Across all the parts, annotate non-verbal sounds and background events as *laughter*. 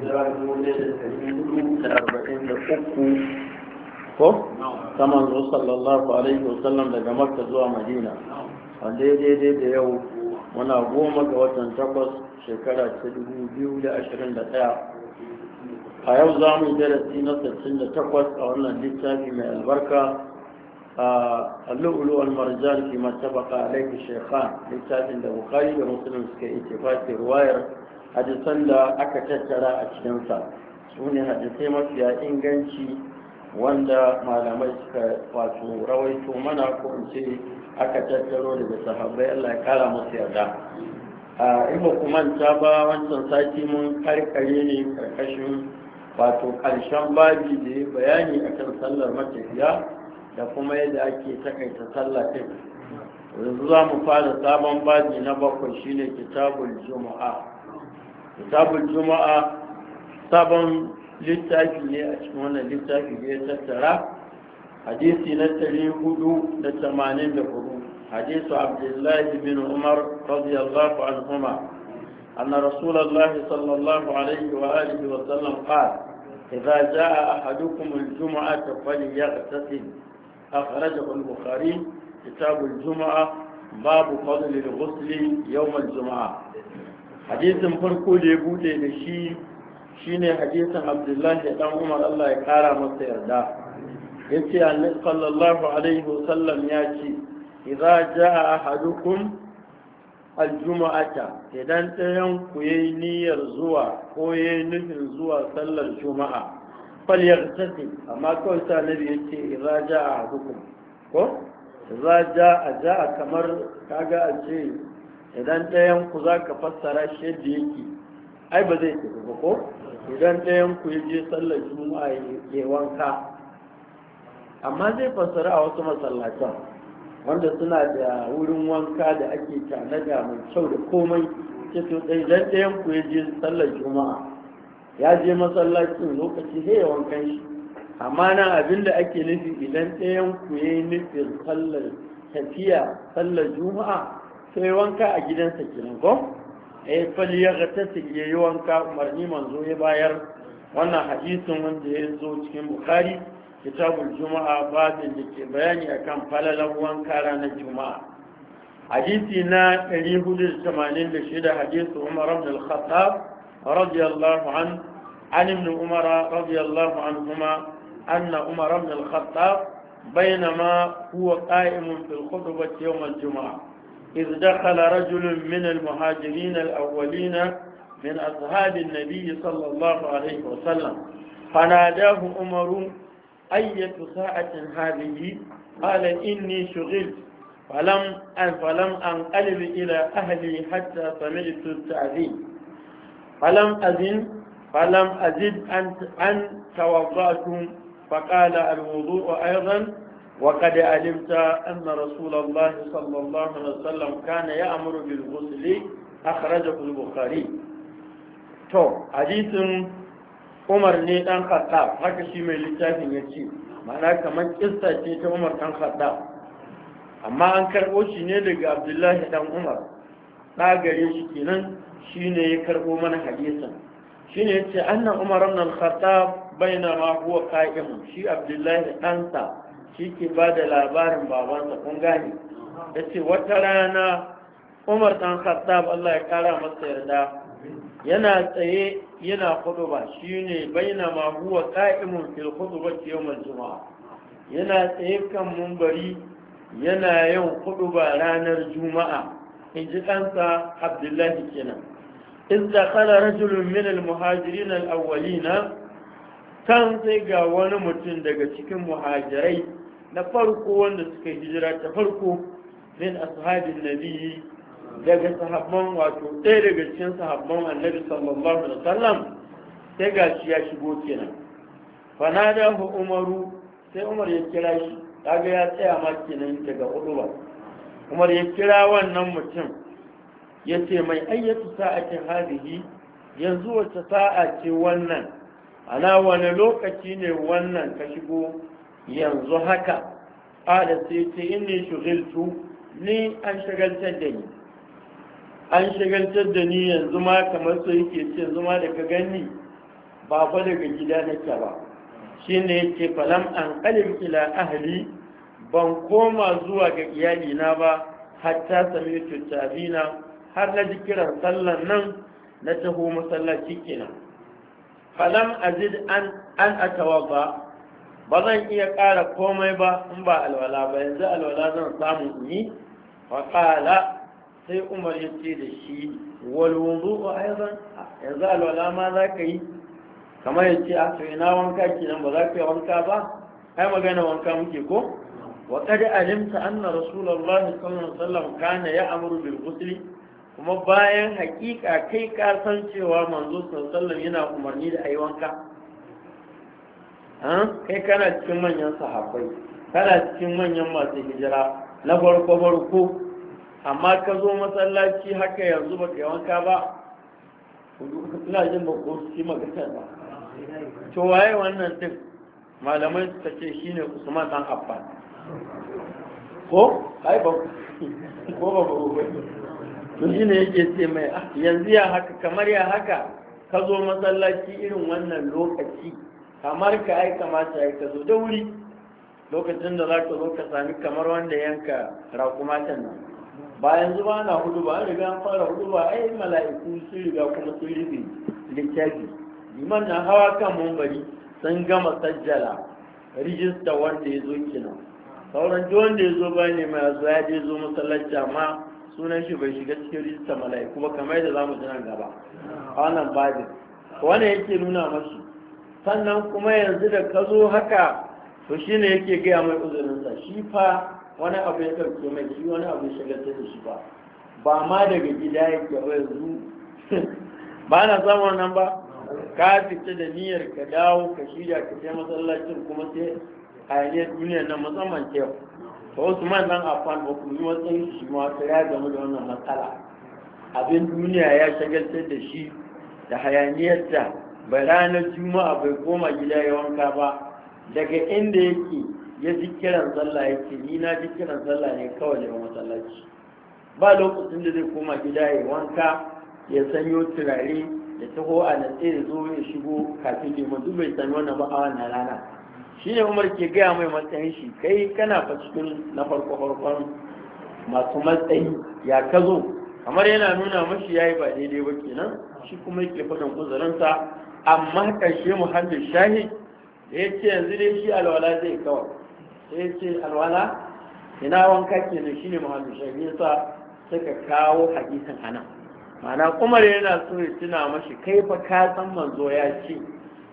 jira dubu da ɗari hudu da arba'in da uku ko saman manzo sallallahu alaihi wasallam daga makka zuwa madina a daidai da yau muna goma ga watan takwas shekara ta dubu biyu da ashirin da ɗaya a yau za mu yi darasi na sittin da takwas a wannan littafi mai albarka a lu'ulu'ul marjan fi matabaka alaihi shekhan littafin da bukari da musulun suka yi tefati ruwayar hadisan da aka tattara a cikinsa su ne hadisai mafiya inganci wanda malamai suka wato rawaito mana ko in ce aka tattaro daga sahabbai Allah ya kara musu yarda A ibo kuma ta ba wancan sati mun karkare ne karkashin wato karshen babi da ya bayani akan sallar matafiya da kuma yadda ake takaita sallar ta yanzu za mu fara sabon babi na bakwai shine kitabul juma'a kitabul juma'a sabon littafi ne a cikin wannan littafi ne ya tattara hadisi na tare hudu da tamanin da hudu hadisu abdullahi bin umar radiyallahu anhuma أن رسول wa صلى الله عليه وآله وسلم قال إذا جاء أحدكم الجمعة فليغتسل أخرجه البخاري كتاب الجمعة باب فضل الغسل يوم الجمعة hadisin farko da ya bude da shi shine hadisin abdullahi dan umar allah ya kara masa yarda ya ce annabi sallallahu alaihi wasallam ya ce idza jaa ahadukum aljuma'ata idan ɗayan ku yayi niyyar zuwa ko yayi nufin zuwa sallar juma'a tafi. amma kawai sa nabi yace idza jaa ahadukum ko idza jaa jaa kamar kaga a ce idan ɗayanku za ka fassara shi yadda yake ai ba zai tafi ba ko idan ɗayanku ya je sallar juma'a ya wanka amma zai fassara a wasu masallacin wanda suna da wurin wanka da ake tanada mai kyau da komai ce to idan ɗayan ku ya je sallar juma'a ya je masallacin lokaci sai ya wankan shi amma na abin da ake nufi idan ɗayanku ya yi nufin sallar tafiya sallar juma'a sai wanka a gidansa kenan ko eh falyaghtasil yayi wanka umarni manzo ya bayar wannan hadisin wanda ya zo cikin bukhari kitabul juma'a babin da ke bayani akan falalan wanka ranar juma'a hadisi na 486 hadisi umar ibn al-khattab radiyallahu an an ibn umar radiyallahu anhuma anna umar ibn al-khattab بينما هو قائم في الخطبة يوم juma'a. إذ دخل رجل من المهاجرين الأولين من أصحاب النبي صلى الله عليه وسلم فناداه عمر أية ساعة هذه قال إني شغلت فلم أن فلم أنقلب إلى أهلي حتى سمعت التعذيب فلم أزن فلم أزد أن أن توضأت فقال الوضوء أيضا وقد علمت أن رسول الله صلى الله عليه وسلم كان يأمر بالغسل أخرجه البخاري تو حديث عمر ني دان خطاب haka shi mai littafin yace ma'ana kamar kissa ce ta Umar dan Khattab amma an karɓo shi ne daga Abdullahi dan Umar da shi kenan shine ya karbo mana hadisin shine yace anna Umar ibn al-Khattab bainama huwa shi Abdullahi ɗansa. shi ke ba da labarin babansa kun gani ya ce wata rana umar ɗan khattab Allah ya kara masa yarda yana tsaye yana ba shi ne baina ma huwa qa'imun fil khutbati yawmal juma'a yana tsaye kan mumbari yana yin ba ranar juma'a in ji ɗansa abdullahi kenan da dakhala rajulun min al muhajirin al awwalina kan sai ga wani mutum daga cikin muhajirai na farko wanda suka hijira ta farko min ashabin nabi daga sahabban wato ɗaya daga cikin sahabban annabi sallallahu alaihi wasallam sai gashi ya shigo kenan hu umaru sai umar ya kira shi kaga ya tsaya ma kenan daga uduba umar ya kira wannan mutum ya ce mai ayyatu sa'ati hadihi yanzu wace sa'a ce wannan ana wani lokaci ne wannan ka shigo yanzu haka ƙala sai ce inni shugiltu ni an shagaltar da ni an shagaltar da ni yanzu ma kamar so yake ce yanzu ma daga gani ba ba daga gida nake ba shi ne yake falam an ƙalim ila ahli ban koma zuwa ga na ba hatta sami na, har na ji kiran sallan nan na taho masallaci kenan falam azid an an atawa ba ba zan iya ƙara komai ba in ba alwala ba yanzu alwala zan samu yi faƙala sai umar ya ce da shi walwunzu ba aizan yanzu alwala ma za ka yi kamar ya ce a to ina wanka kenan ba za ka yi wanka ba ai magana wanka muke ko wa kada alimta anna rasulullahi sallallahu alaihi wasallam kana amuru bil ghusli kuma bayan hakika kai ka san cewa manzo sallallahu alaihi wasallam yana umarni da ayi wanka kai kana cikin manyan sahabbai kana cikin manyan masu hijira na farko farko amma ka zo masallaci haka yanzu ba ka wanka ba ina jin ba ko su magana ba to waye wannan din malamai suka ce shine Usman dan Affan ko ai ba *laughs* ko ba ba ba to shine yake ce mai ah, yanzu ya haka kamar ya haka ka zo masallaci irin wannan lokaci kamar ka ai kamata ai ka zo da wuri lokacin da za ka zo ka sami kamar wanda yanka rakumatan nan bayan zuba na hudu ba riga an fara hudu ba ai mala'iku sun riga kuma sun rufe littafi liman na hawa kan mambari sun gama sajjala rijista wanda ya zo kenan sauran ji wanda ya zo ba ne mai azuwa ya je zo masallaci amma sunan shi bai shiga cikin rijista mala'iku ba kamar yadda za mu ji nan gaba a wannan babin wani yake nuna masu sannan kuma yanzu da ka zo haka to shi ne yake gaya mai uzurinsa shi fa wani abu ya ɗauke mai shi wani abu ya shagaltar da shi ba ba ma daga gida yake ba yanzu *laughs* ba na samun nan ba ka fita da niyyar ka dawo ka shirya ka je masallacin kuma sai yanayi duniyar nan musamman yau man nan a afan ba kuma matsayin shi ma ta ya gamu da wannan matsala abin duniya ya shagaltar da shi da hayaniyarta ba ranar juma'a bai koma gida ya wanka ba daga inda yake ya ji kiran sallah ya ni na ji kiran sallah ne kawai daga masallaci ba lokacin da zai koma gida ya wanka ya sanyo turare ya taho a natse ya zo ya shigo kafin ya mutu bai sami wannan ba a wannan rana shi ne umar ke gaya mai matsayin shi kai kana fa cikin na farko farkon masu matsayi ya ka zo kamar yana nuna mashi ya yi ba daidai ba kenan shi kuma yake faɗin uzurinsa amma ƙarshe muhammad shahi da ya ce yanzu dai shi alwala zai kawai sai ya ce alwala ina wanka ke da shi ne muhammad shahi sa suka kawo hadisin anan mana umar yana so ya tuna mashi kai fa ka san manzo ya ce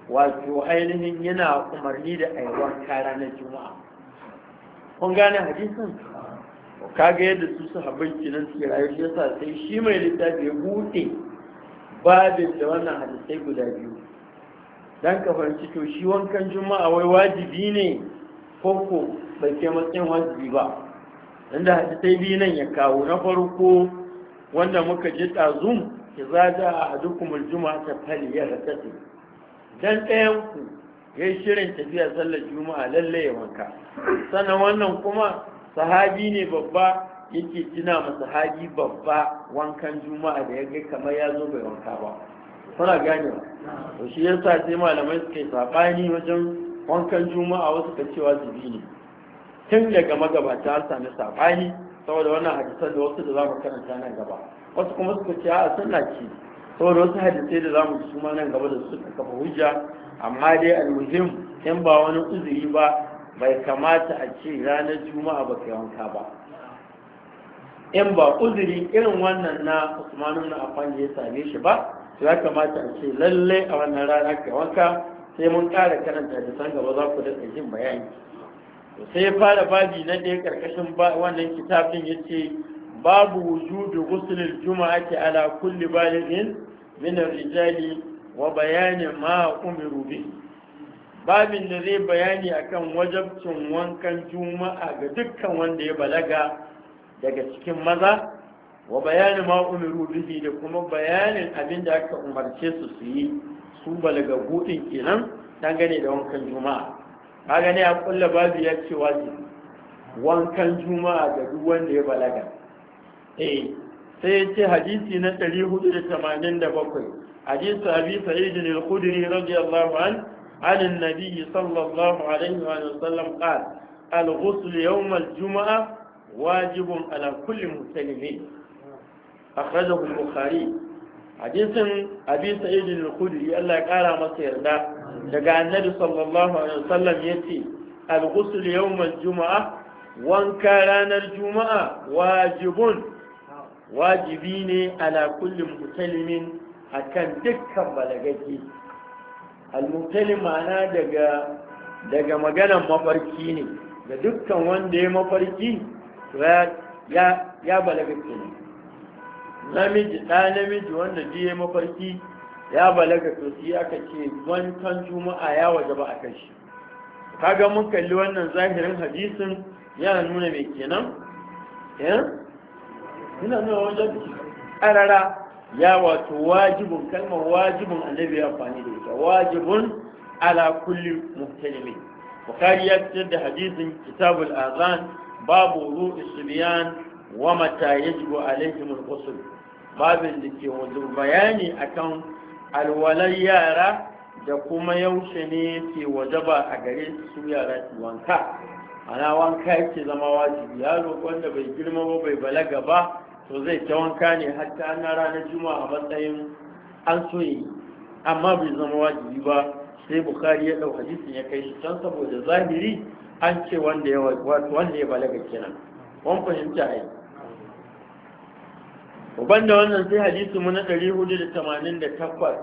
wato ainihin yana umarni da aiwar kara na juma'a kun gane hadisin kaga yadda su sahabbai kenan suke rayu shi yasa sai shi mai littafi ya buɗe babin da wannan hadisai guda biyu dan ka fahimci to shi wankan juma'a wai wajibi ne koko bai ke matsayin wajibi ba inda sai biyu nan ya kawo na farko wanda muka ji ɗazun ki a hadukumul juma'a ta fali ya rasati dan ɗayan ku yayi shirin tafiya sallar juma'a lalle ya wanka sannan wannan kuma sahabi ne babba yake tuna ma sahabi babba wankan juma'a da ya ga kamar ya zo bai wanka ba kuna gane to shi yasa sai malamai suka yi sabani wajen wankan juma'a wasu ka cewa zubi ne tun daga magabata an sami sabani saboda wannan hadisan da wasu da za mu karanta nan gaba wasu kuma suka ce a sunna ce saboda wasu hadisai da za mu ci kuma nan gaba da su suka kafa hujja amma dai almuhim in ba wani uzuri ba bai kamata a ce ranar juma'a ba ka wanka ba in ba uzuri irin wannan na usmanu na afan ya same shi ba ya kamata a ce lalle a wannan rana ka wanka sai mun ƙara karanta da san gaba za ku daɗa jin bayani sai fara babi na ɗaya ƙarƙashin wannan kitabin ya ce babu wujudu Juma'a ke ala kulli balibin minar rijali wa bayanin ma umiru bi babin da zai bayani akan wajabcin wankan juma'a ga dukkan wanda ya balaga daga cikin maza wa bayanin ma umiru bihi da kuma bayanin abin da aka umarce su su yi su balaga gudun kenan dangane da wankan juma'a ka gane a kulla babu ya ce wajibi wankan juma'a da duk wanda ya balaga eh sai ya ce hadisi na 487 hadisi abi sa'id al-khudri radiyallahu an عن النبي صلى الله عليه وسلم قال الغسل يوم الجمعة واجب على كل مسلمين akhrajahu al-bukhari hadisin abi sa'id al-khudri Allah ya kara masa yarda daga annabi sallallahu alaihi wasallam yace al-ghusl yawm al-jum'a wanka ranar juma'a wajibun wajibi ne ala kullum mutalimin akan dukkan balagaji al-mutalim ma'ana daga daga maganan mafarki ne ga dukkan wanda ya mafarki ya ya namiji ɗa namiji wanda jiye mafarki ya balaga to shi aka ce wancan juma'a ya waje ba a kai shi kaga mun kalli wannan zahirin hadisin yana nuna mai kenan eh ina nuna wajen karara ya wato wajibin kalmar wajibin annabi ya amfani da ita wajibun ala kulli muhtalimi bukari ya fitar da hadisin kitabul azan babu ru'u subyan wa mata yajibu alaihimul al-ghusl babin da ke wajen bayani a kan alwalar yara da kuma yaushe ne ke wajaba a gare su yara su wanka ana wanka yake zama wajibi yaro wanda bai girma ba bai balaga ba to zai ta wanka ne hatta na ranar juma'a matsayin an so yi amma bai zama wajibi ba sai bukari ya ɗau hadisin ya kai shi can saboda zahiri an ce wanda ya balaga kenan wani fahimta ai uban da wannan sai hadisi mu na 488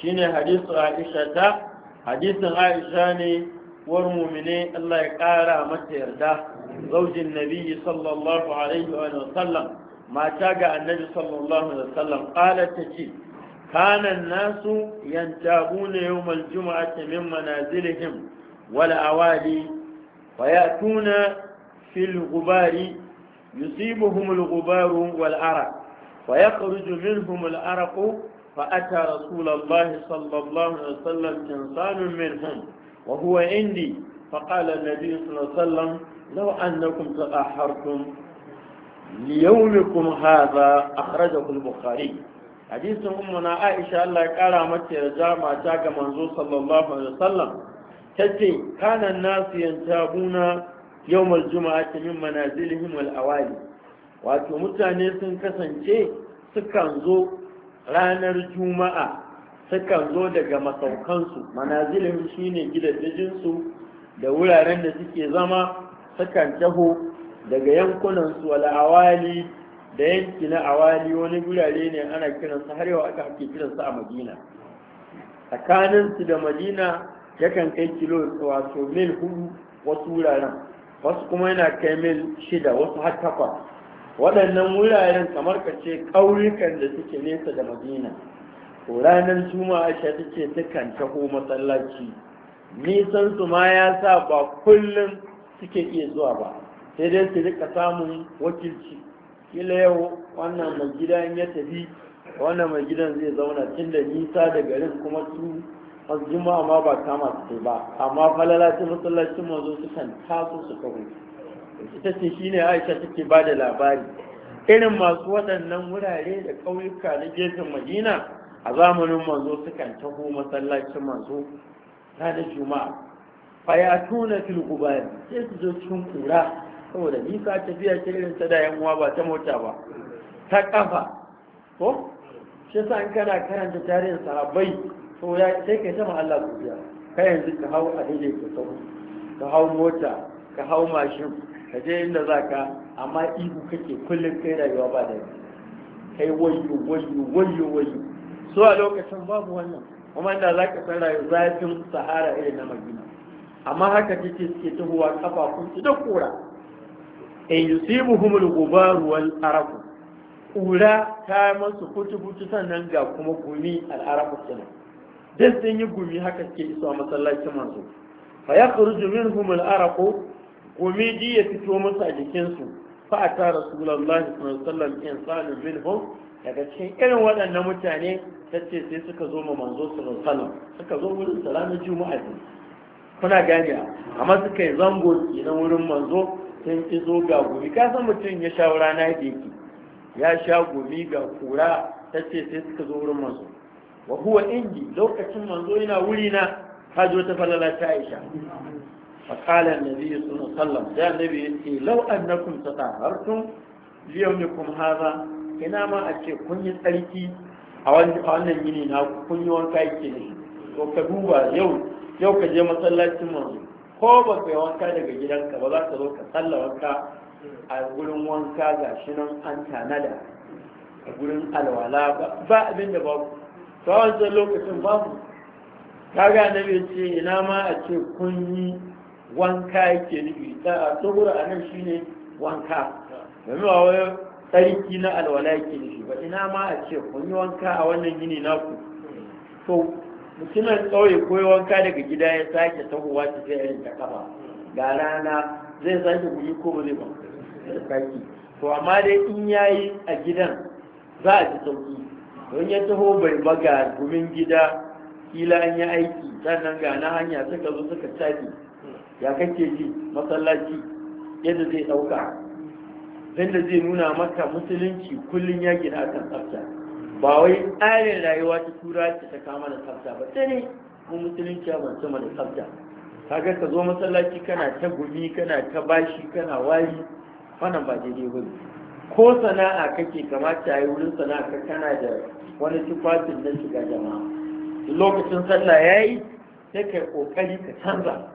shine hadisu Aisha ta hadisin Aisha ne war mu'mine Allah ya kara mata yarda zaujin nabiyyi sallallahu alaihi wa sallam mata ga annabi sallallahu alaihi wa sallam qala tace kana nasu yantabuna yawmal jumu'ati min manazilihim wal awali fayatuna fil ghubari yusibuhum al ghubaru wal araq ويخرج منهم الأرق فأتى رسول الله صلى الله عليه وسلم إنسان منهم وهو عندي فقال النبي صلى الله عليه وسلم لو أنكم تأحرتم ليومكم هذا أخرجه البخاري حديث أمنا عائشة الله كرامت رجاء ما جاء منظور صلى الله عليه وسلم تجي كان الناس ينتابون يوم الجمعة من منازلهم والأوالي wato mutane sun kasance sukan zo ranar juma'a sukan zo daga masaukansu manazilin shi ne gidajensu da wuraren da suke zama sukan taho daga yankunansu wala awali da yanki na awali wani wurare ne ana kiransa har yau aka hake kiransa a madina tsakaninsu da madina yakan kai kilo wato mil hudu wasu wuraren wasu kuma yana kai mil shida wasu har takwas waɗannan wuraren kamar ka ce ƙauyukan da suke nesa da madina ko ranar juma'a sha take kan taho masallaci nisan su ma ya sa ba kullum suke iya zuwa ba sai dai su rika samun wakilci kila yau wannan mai gida in ya tafi wannan mai gidan zai zauna tun da nisa da garin kuma su juma'a ma ba kama su ba amma falala ta masallacin mazo sukan taso su kawai ita ce shi ne aisha take ba da labari irin masu waɗannan wurare da ƙauyuka na gefen madina a zamanin manzo sukan taho masallacin manzo ranar juma'a fayatu na filgubari sai su zo cikin kura saboda nisa tafiya ce irin ta da yanwa ba ta mota ba ta ƙafa ko shi sa in kana karanta tarihin sahabbai to ya sai kai ta Allah biya. kai yanzu ka hau a daidai ka hau mota ka hau mashin ka je inda za ka amma ihu kake kullum kai rayuwa ba da kai wayo wayo wayo wayo so a lokacin babu wannan kuma inda za ka san rayu zafin sahara irin na magina amma haka take suke tahowa kafafun su da kura eh, in humul gubaru wal araku kura ta masu kutu-kutu sannan ga kuma gumi al'arabu kenan duk sun yi gumi haka suke iso a masallacin masu fa ya kuru jumin humul araku umiji ya fito masa a jikinsu fa a الله rasulallah sallallahu daga cikin irin waɗannan mutane ta ce sai suka zo ma manzo sallallahu suka zo wurin salamin juma'a kuna gani amma suka yi zango idan wurin manzo sun ki ga gumi ka san mutum ya sha rana da yake ya sha gumi ga kura ta ce sai suka zo wurin manzo wa huwa lokacin manzo yana wuri na ta ta falala ta aisha فقال النبي صلى الله عليه وسلم يا النبي لو أنكم تطهرتم ليومكم هذا ina ma a ce kun yi tsarki a wannan yini na kun yi wanka yake ne to ka duba yau yau ka je masallacin mu ko ba ka yi wanka daga gidanka ba za ka zo ka tsalla wanka a gurin wanka ga shi nan an tanada a gurin alwala ba abin da babu ta wancan lokacin babu ka ga na ce ina ma a ce kun yi wanka yake nufi ta tsohura a nan shine wanka domin ba wai tsarki na alwala yake nufi ba ina ma a ce kun wanka a wannan yini naku to mutumin tsauye ko wanka daga gida ya sake tahowa ta sai irin ta kafa ga rana zai sake guji ko ba zai ba sake to amma dai in ya yi a gidan za a ji sauki don ya taho bai baga gumin gida kila an yi aiki sannan ga na hanya suka zo suka tafi ya kake ji masallaci yadda zai ɗauka yadda zai nuna maka musulunci kullum ya gina akan tsafta ba wai tsarin rayuwa ta tura ce ta kama da tsafta ba ta ne mun musulunci ya mace da tsafta kaga ka zo masallaci kana ta gumi kana ta bashi kana wari wannan ba daidai ba ko sana'a kake kamata yi wurin sana'a ka kana da wani tufafin na shiga jama'a lokacin sallah yayi sai ka kokari ka canza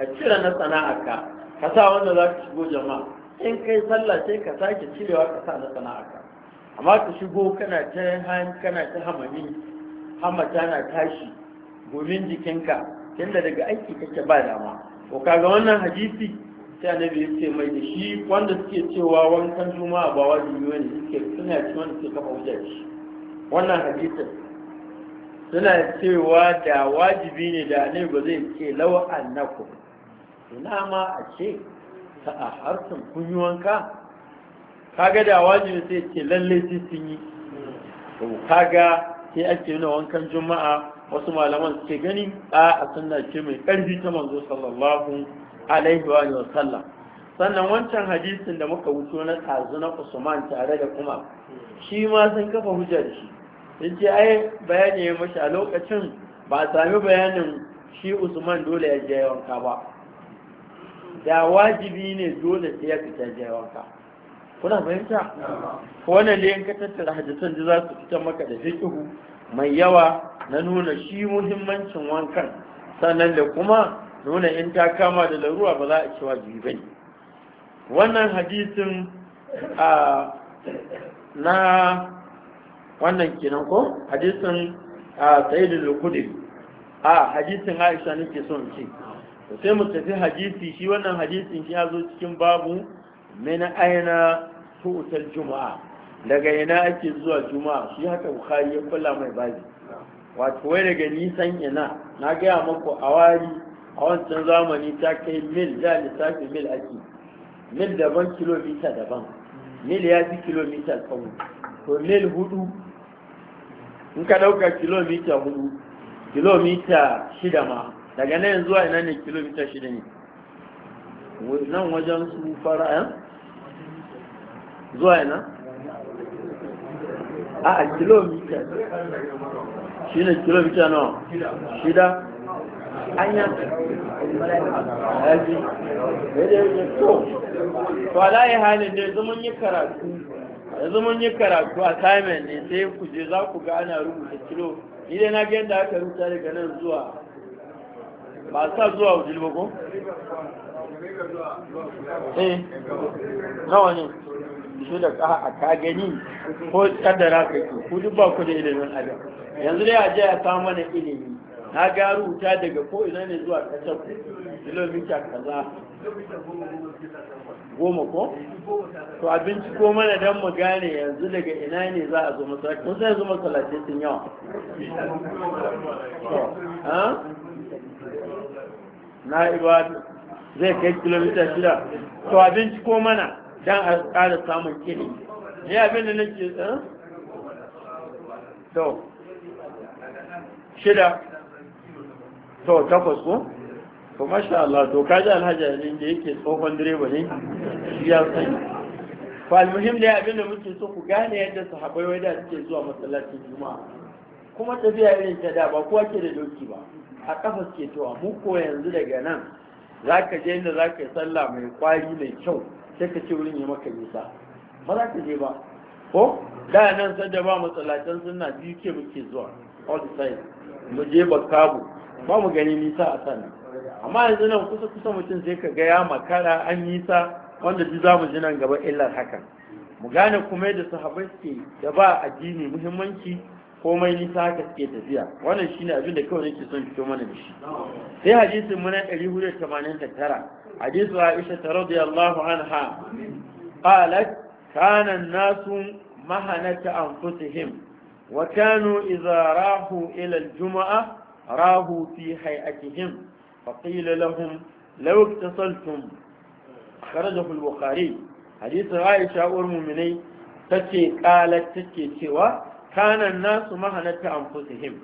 ka cire na sana'arka ka sa wanda za ka shigo jama'a in kai sallah sai ka sake cirewa ka sa na sana'arka amma ka shigo kana ta hayan kana ta hamami hamata na tashi gomin jikinka tunda daga aiki kake ba dama to ga wannan hadisi sai annabi ya ce mai da shi wanda suke cewa wankan juma'a ba wajibi bane suke suna ci wanda suke kafa hujjar shi wannan hadisin suna cewa da wajibi ne da annabi ba zai ce lawa annakum ina ma a ce ta a harsun kun Ka wanka kaga da wajibi sai ce lalle sai sun yi kaga sai ake nuna wankan juma'a wasu malaman suke gani a a sunna ce mai karfi ta manzo sallallahu alaihi wa sallam sannan wancan hadisin da muka wuto na tazu na Usman tare da kuma shi ma sun kafa hujjar shi. shi ce ai bayani ya mashi a lokacin ba a sami bayanin shi Usman dole ya je wanka ba da wajibi ne dole sai ya fita ya wanka kuna fahimta wannan ne in ka tattara hadisan da za su fita maka da fiqhu mai yawa na nuna shi muhimmancin wankan sannan da kuma nuna in ta kama da laruwa ba za a ci wajibi ne. wannan hadisin a na wannan kenan ko hadisin a sayyidul qudri a hadisin Aisha nake son ce sai mu tafi hadisi shi wannan hadisin shi ya zo cikin babu mena aina tutar juma'a daga ina ake zuwa juma'a shi haka bukhari ya kula mai bazi wato wai daga nisan ina na gaya maku a wari a wancan zamani ta kai mil da lissafi mil ake mil daban kilomita daban mil ya fi kilomita tsawo to mil hudu in ka dauka kilomita hudu kilomita shida ma daga nan zuwa ina ne kilomita shida ne nan wajen su fara yan eh? zuwa ina a a kilomita shi ne kilomita nawa shida hanya yaji to alayi halin da ya yi karatu yanzu mun yi karatu assignment ne sai ku je za ku ga ana rubuta kilo ni dai na ga da aka rubuta daga nan zuwa ba sa zuwa wujil ba ko? eh nawa ne shi da ka a gani ko kaddara ka ke ku duk ba ku da ilimin adam yanzu dai a je a samu mana ilimi na ga rubuta daga ko ina ne zuwa kasar kilomita kaza goma ko? to abinci ko mana don mu gane yanzu daga ina ne za a zo masalaci kun sai zuma salatin sun yawa na ibadu zai kai kilomita shida to abinci ko mana don a ƙara samun kini ne abin da nake tsanin eh? to shida to takwas ko to masha Allah to kaji alhaji yanzu da yake tsohon direba ne ya sani fa da ne abin da muke so ku gane yadda sahabbai wai da suke zuwa masallacin juma'a kuma tafiya irin ta da ba kowa ke da doki ba a kafa ke towa mu ko yanzu daga nan za ka je inda za ka yi sallah mai kwari mai kyau sai ka ce wurin ya maka nisa ba za ka je ba ko da nan da ba matsalacin sunna biyu ke muke zuwa all the time mu je bakabu ba mu gani nisa a sannan amma yanzu nan kusa kusa mutum sai ka ga ya makara an nisa wanda duk za ji nan gaba illar hakan mu gane kuma yadda sahabai suke da ba addini muhimmanci komai nisa haka suke tafiya wannan shine abin da kawai nake son fito mana da shi sai hadisin muna na 489 hadisu Aisha ta radiyallahu anha qalat kana an-nasu mahanata anfusihim wa kanu idza rahu ila al-jum'a rahu fi hay'atihim fa qila lahum law iktasaltum kharajahu al-bukhari hadisu Aisha ummul mu'minin tace qalat tace cewa kanan nasu mahalatta anfusihim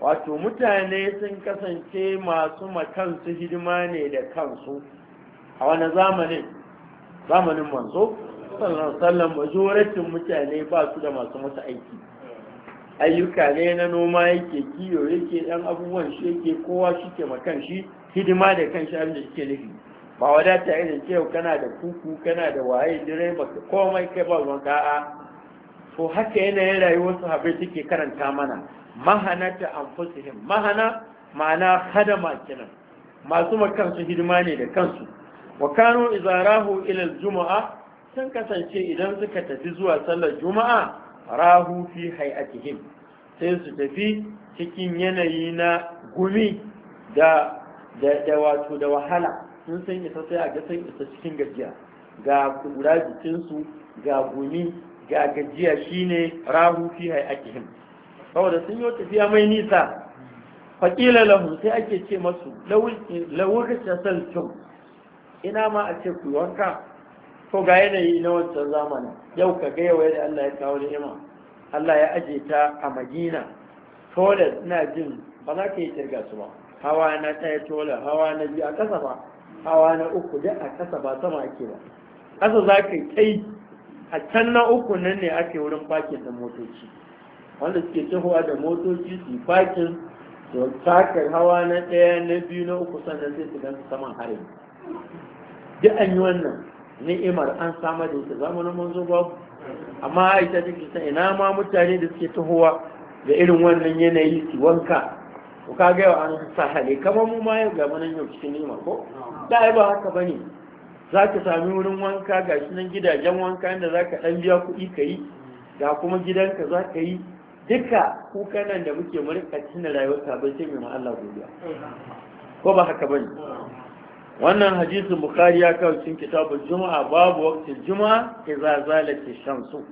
wato mutane sun kasance masu makansu hidima ne da kansu a wani zamanin zamanin manzo sallan sallan majoratin mutane ba su da masu mata aiki ayyuka ne na noma yake kiyo yake dan abubuwan shi yake kowa shi ke makan shi hidima da kan shi abinda suke nufi ba wadata irin kyau kana da kuku kana da waye direba komai kai ba ruwan ka'a to haka yanayin rayuwar sahabbai take karanta mana mahana ta anfusihim mahana ma'ana hadama kenan masu makansu hidima ne da kansu wa kano izarahu ilal juma'a sun kasance idan suka tafi zuwa sallar juma'a rahu fi hay'atihim sai su tafi cikin yanayi na gumi da da wato da wahala sun san isa sai a gasar isa cikin gajiya ga kura jikinsu ga gumi ga gajiya shine rahu fi hayakihim saboda sun yi tafiya mai nisa faƙila lahu sai ake ce masu lawurin shasal kyau ina ma a ce ku wanka to ga yanayi na wancan zamani, yau ka ga yau da Allah ya kawo ni'ima Allah ya aje ta a Madina tolar ina jin ba za ka yi kirga su ba hawa na ɗaya hawa na biyu a ƙasa ba hawa na uku duk a ƙasa ba sama ake ba ƙasa za ka yi a can na uku nan ne ake wurin fakin da motoci wanda suke tahowa da motoci su fakin da takar hawa na ɗaya na biyu na uku sannan sai su gansu saman harin duk an yi wannan ni'imar an samar da ita zamanin manzo babu amma aisha take ta ina ma mutane da suke tahowa da irin wannan yanayi su wanka to ka ga yau an sahale kamar mu ma yau ga nan yau cikin ni'ima ko da ba haka bane za ka sami wurin wanka ga shi nan gidajen wanka inda za ka ɗan biya kuɗi ka yi ga kuma gidanka za ka yi duka kukanan da muke murka tuna rayuwar sabai sai mai Allah godiya ko ba haka bane wannan hadisin bukari ya kawo cin kitabun juma'a babu wakti juma'a idza zalat shamsu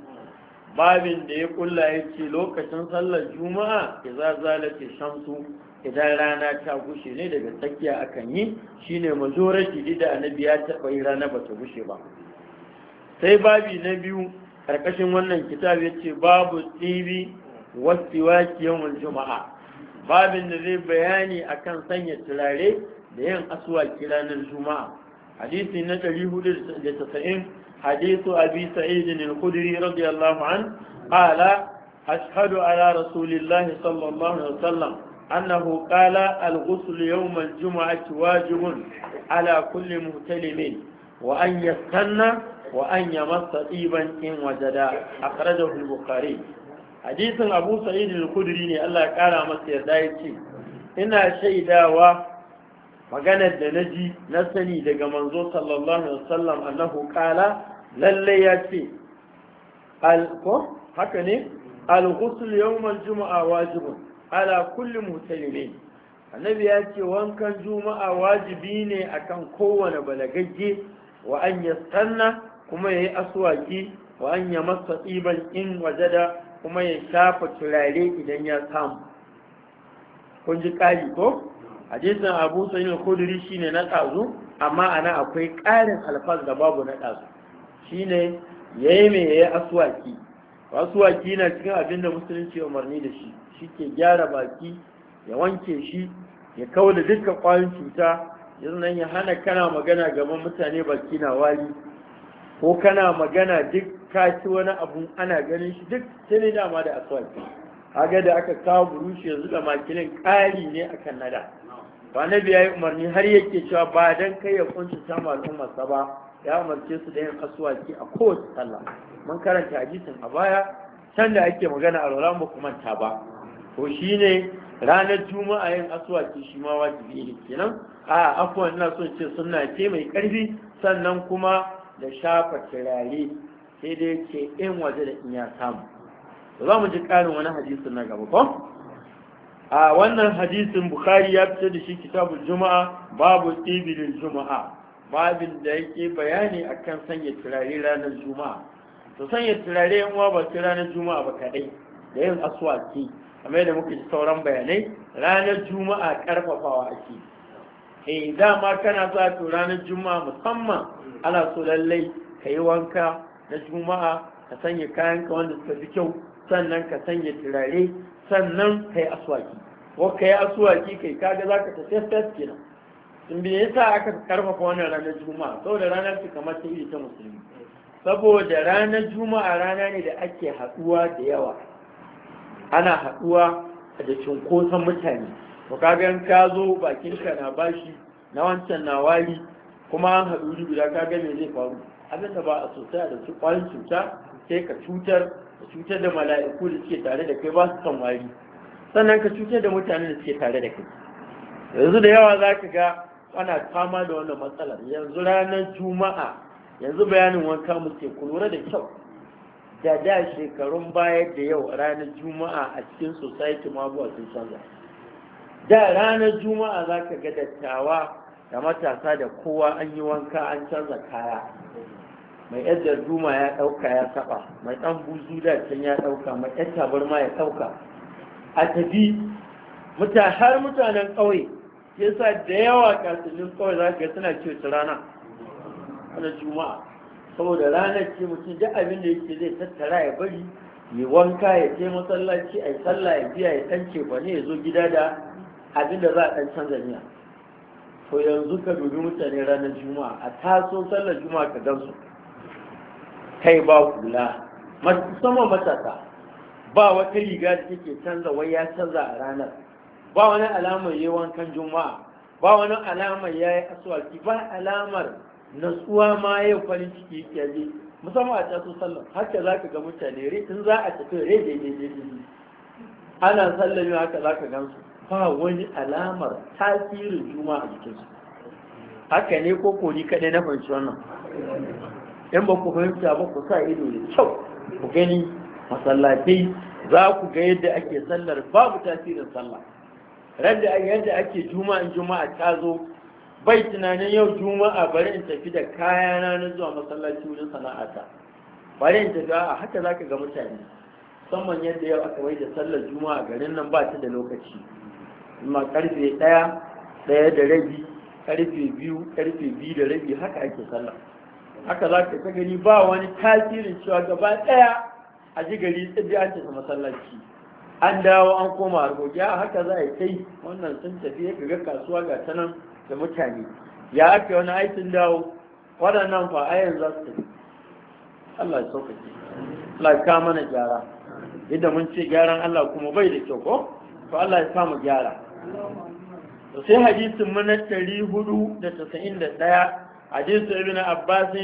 babin da ya kulla yace lokacin sallar juma'a idza zalat shamsu idan rana ta gushe ne daga tsakiya akan yi shine majority da annabi ya taɓa yi rana ba ta gushe ba sai babi na biyu ƙarƙashin wannan kitab ya ce babu tsibi wasu yawan juma'a babin da zai bayani akan sanya turare da yin asuwaki ranar juma'a hadisi na 490 hadisu abi sa'idin al-khudri radiyallahu an qala ashhadu ala rasulillahi sallallahu alaihi wasallam annahu qala al-ghusl yawm al-jum'ati wajibun ala kulli mutalimin wa an yastanna wa an yamassa iban in wajada akhrajahu al-bukhari hadithun abu sa'id al-khudri ne Allah ya kara masa yarda yace ina shaidawa maganar da na ji na sani daga manzo sallallahu alaihi wasallam annahu qala lalle yace al-ko haka ne al ala kulli mutayyimin annabi ya ce wankan juma'a wajibi ne akan kowane balagagge wa an yastanna kuma yayi aswaki wa an yamassa tsiban in wajada kuma ya shafa turare idan ya samu kun ji ƙari ko hadisin abu sa'id al-khudri shine na tsazu amma ana akwai ƙarin alfaz da babu na tsazu shine yayi me yayi aswaki wasu waki na cikin abin da musulunci umarni da shi shi ke gyara baki ya wanke shi ya kawo da duka kwayoyin cuta yanzu ya hana kana magana gaban mutane baki na wari ko kana magana duk kaci wani abu ana ganin shi duk sai ne dama da aswaki haga da aka kawo burushi yanzu da makilin kari ne akan nada ba na biya yi umarni har yake cewa ba don kai ya kunshi samun al'ummarsa ba ya umarce su da yin asuwaki a kowace sallah mun karanta hadisin a baya can ake magana a rolan ba manta ba to shine ranar juma'a yin aswaki shi ma wajibi ne kenan a afwan ina son ce sunna ce mai karfi sannan kuma da shafa turare sai dai ce in waje da in ya samu to za mu ji karin wani hadisin na gaba ko a wannan hadisin bukhari ya fito da shi kitabul juma'a babu ibilin juma'a babin da yake bayani akan sanya turare ranar juma'a to sanya turare yin uwa ba su ranar juma'a ba kadai da yin aswaki kamar da muka ji sauran bayanai ranar juma'a karfafawa ake eh dama kana za to ranar juma'a musamman ana so lallai ka yi wanka na juma'a ka sanya kayan ka wanda suka fi kyau sannan ka sanya turare sannan ka yi aswaki ko ka yi aswaki kai kaga za ka ta fesfes kenan sun biya yasa aka karfafa wannan ranar juma'a saboda ranar su kamar ta iri ta musulmi saboda ranar juma'a rana ne da ake haɗuwa da yawa ana haɗuwa da cunkoson mutane to kaga in ka zo bakinka na bashi na wancan na wari kuma an haɗu guda kaga me zai faru abin da ba a sosai da su cuta sai ka cutar ka da mala'iku da suke tare da kai ba su san wari sannan ka cutar da mutanen da suke tare da kai yanzu da yawa za ka ga ana fama da wannan matsalar yanzu ranar juma'a yanzu bayanin wanka muke kulura da kyau da da shekarun baya da yau ranar juma'a a cikin society mabuwa sun canza da ranar juma'a za ka ga dattawa da matasa da kowa an yi wanka an canza kaya mai yadda juma ya ɗauka ya saba, mai ɗan buzu da can ya ɗauka mai ɗan tabarma ya ɗauka a tafi har mutanen ƙauye yasa da yawa kasuwannin ƙauye za ka ga suna ce rana Ranar juma'a saboda ranar ce mutum duk abin da yake zai tattara ya bari ya wanka ya ce masallaci a sallah ya biya ya ɗan cefa ne ya zo gida da abin da za a ɗan canza miya to yanzu ka dubi mutane ranar juma'a a taso sallar juma'a ka su kai ba kula musamman matasa ba wata riga da take canza wai ya canza a ranar ba wani alamar yi wankan juma'a ba wani alamar ya yi aswaki ba alamar natsuwa ma yau farin ciki ya je musamman a taso sallan haka za ka ga mutane re tun za a tafi yi da ana sallan yau haka za ka gansu ba wani alamar tasirin juma a jikinsu haka ne ko kodi kaɗai na fahimci wannan in ba ku fahimta ba ku sa ido da kyau ku gani masallatai za ku ga yadda ake sallar babu tasirin sallah radda yadda ake juma'in juma'a ta zo bai tunanin yau juma'a bari in tafi da kayana na zuwa masallaci wurin sana'ata bari in tafi a haka za ka ga mutane musamman yadda yau aka wai da sallar juma'a garin nan ba ta da lokaci amma karfe ɗaya ɗaya da rabi karfe biyu karfe biyu da rabi haka ake sallah haka za ka gani ba wani tasirin cewa gaba ɗaya a ji gari tsibi an tafi masallaci an dawo an koma a haka za a yi kai wannan sun tafi ya ga kasuwa ga ta nan da mutane ya ake wani aikin dawo waɗannan fa a za su Allah ya sauka ce Allah ya kawo mana gyara yadda mun ce gyaran Allah kuma bai da kyau ko to Allah ya samu gyara to sai hadisin mu na 491 hadisu ibn Abbas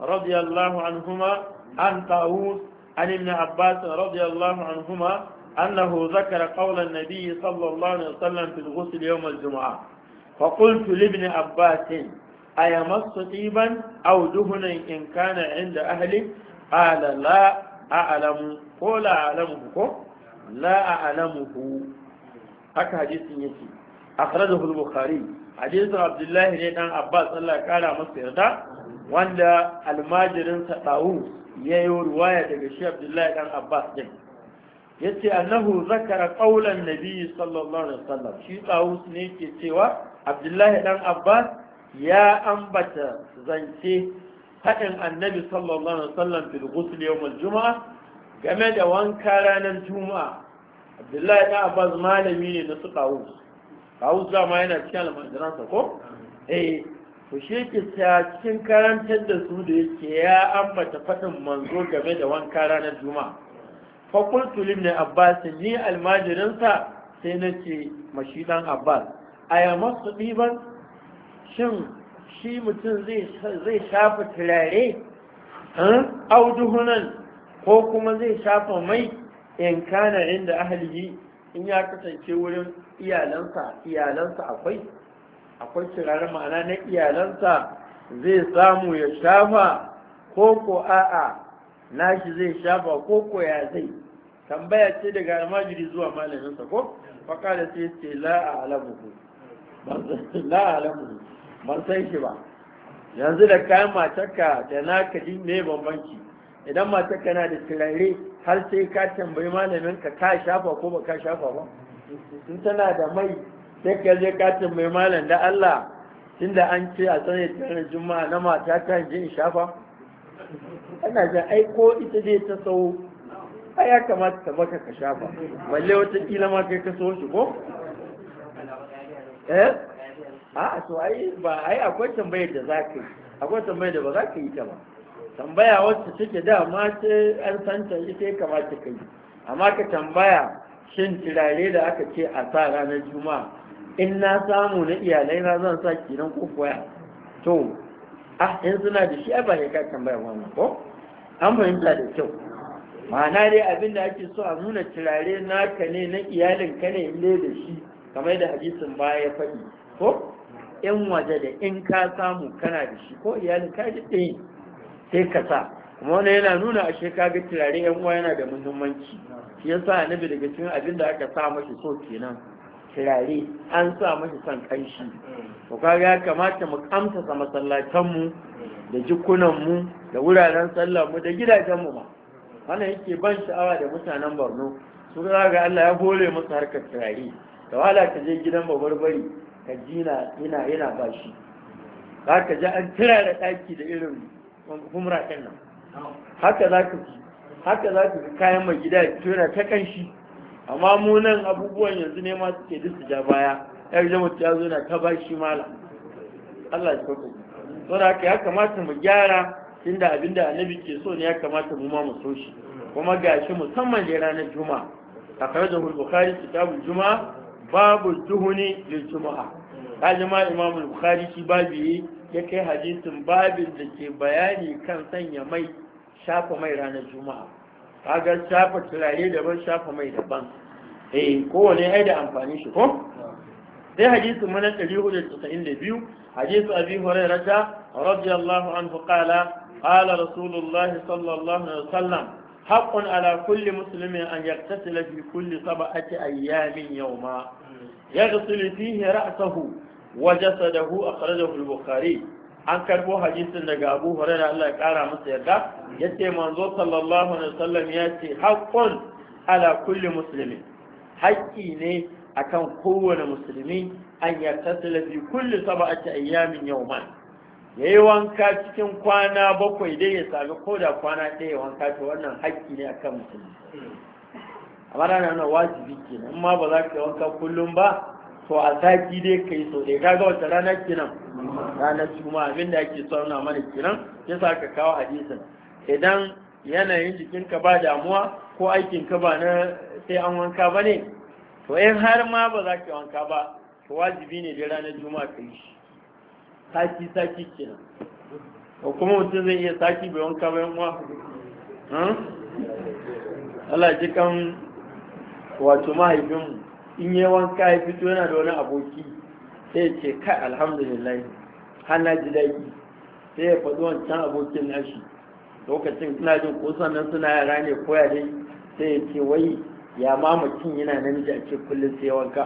radiyallahu anhuma an ta'us an ibn Abbas radiyallahu anhuma أنه ذكر قول النبي صلى الله عليه وسلم في الغسل يوم الجمعة فقلت لابن عباس أيمص طيبا أو دهنا إن كان عند أهله قال لا أعلم ولا أعلمه لا أعلمه هكا حديث يتي أخرجه البخاري حديث عبد الله بن عباس الله قال مصر ده wanda almajirinsa ɗawu ya yi ruwaya daga shi abdullahi ɗan abbas ɗin ya ce annahu zakara ƙaunar nabi sallallahu alaihi wasallam shi ɗawu ne ke cewa abdullahi dan abbas ya ambata zance haɗin annabi sallallahu alaihi wasallam fil ghusl yawm juma'a game da wanka ranar juma'a abdullahi dan abbas malami ne na su kawo kawo ma yana cikin sa ko eh ku shi cikin karantar da su da yake ya ambata faɗin manzo game da wanka ranar juma'a fakultu limni abbas ni sa sai na ce mashi dan abbas a yamma ɗiban shin shi mutum zai shafa turare eh, auduhunan ko kuma zai shafa mai in kana inda ahalihi in ya kasance wurin iyalansa iyalansa akwai akwai turare ma'ana na iyalansa zai samu ya shafa ko ko a'a nashi zai shafa ko ko ya zai tambaya ce daga almajiri zuwa malaminsa ko faƙa da sai ce la'a alamuhu la'alamu ban san shi ba yanzu da kayan matarka da naka din mai bambanci idan matarka na da turare har sai ka tambayi malamin ka ka shafa ko ba ka shafa ba Sun tana da mai sai ka je ka tambayi malam da Allah tun da an ce a tsaye tare juma'a na mata ta je in shafa ana jan ai ita zai ta sau ai ya kamata ta baka ka shafa balle wata kila ma kai ka so shi ko eh ah to ai ba ai akwai tambayar da za yi akwai tambayar da ba za ka yi ta ba tambaya wacce take ma ce an san ta ita ka kamata ka yi amma ka tambaya shin turare da aka ce a sa ranar juma'a in na samu na iyalai na zan sa kenan ko kuwa to ah in suna da shi ba ne ka tambaya wannan ko an fahimta da kyau ma'ana dai abin da ake so a nuna turare naka ne na iyalin ka ne inda da shi kamar da hadisin baya ya faɗi ko in waje da in ka samu kana da shi ko iyalin ka ji ɗaya sai ka sa kuma wani yana nuna a ka ga turare yan uwa yana da muhimmanci shi yasa annabi daga cikin abin da aka sa mashi so kenan turare an sa mashi son kanshi to kaga ya kamata mu kamtasa masallatan mu da jikunan mu da wuraren sallar mu da gidajen mu ma wannan yake ban sha'awa da mutanen Borno su ga Allah ya hore musu harkar turare da wahala ka je gidan babarbari ka jina yana yana bashi za ka ji an tira da ɗaki da irin kumra ɗin nan haka za ka ji haka za ka kayan mai gida ya tura ta shi amma mu nan abubuwan yanzu ne ma suke duk su ja baya ya ga mutum ya zo na ta bashi mala Allah ya kwato don haka ya kamata mu gyara inda abinda annabi ke so ne ya kamata mu ma mu so shi kuma gashi musamman da ranar juma'a a kare da bukhari kitabul juma'a babu tuhuni lil jumu'a kaji ma imam bukhari shi babi ya kai hadisin babin da ke bayani kan sanya mai shafa mai ranar juma'a kaga shafa turare daban shafa mai daban eh kowane ai da amfani shi ko sai hadisin mana 492 hadisu abi hurairah radiyallahu anhu qala qala rasulullahi sallallahu alaihi wasallam haƙƙun ala kulli musulmin an yaktasila fi kulli sab'ati ayyamin yawma yaghsilu fihi ra'sahu wa jasadahu akhrajahu al-bukhari an karbo hadisin daga Abu Hurairah Allah ya kara masa yarda yace manzo sallallahu alaihi wasallam yace haqqun ala kulli muslimin haƙƙi ne akan kowane musulmi an yaktasila fi kulli sab'ati ayyamin yawman ya yi wanka cikin kwana bakwai dai ya sami ko da kwana ɗaya ya wanka ta wannan haƙƙi ne a akan mutum amma na nan wajibi kenan amma ba za ka wanka kullum ba to a saki dai ka yi sau ɗaya ga wata rana kenan rana juma abin da ake sauna mana kenan ya sa ka kawo hadisin idan yanayin jikinka ba damuwa ko aikinka ba na sai an wanka ba ne to in har ma ba za ka wanka ba to wajibi ne dai ranar juma'a ka yi shi Saki saki kenan ko kuma mutum zai iya saki bai wanka bayan wa hmm? Allah ji kan wato mahaifinmu in yi wanka ya fito yana da wani aboki sai ce kai alhamdulillah hana ji daɗi sai ya faɗi wancan abokin nashi lokacin suna jin ko sannan suna yara ne koya dai sai ya ce wai ya ma mutum yana namiji a ce kullum sai wanka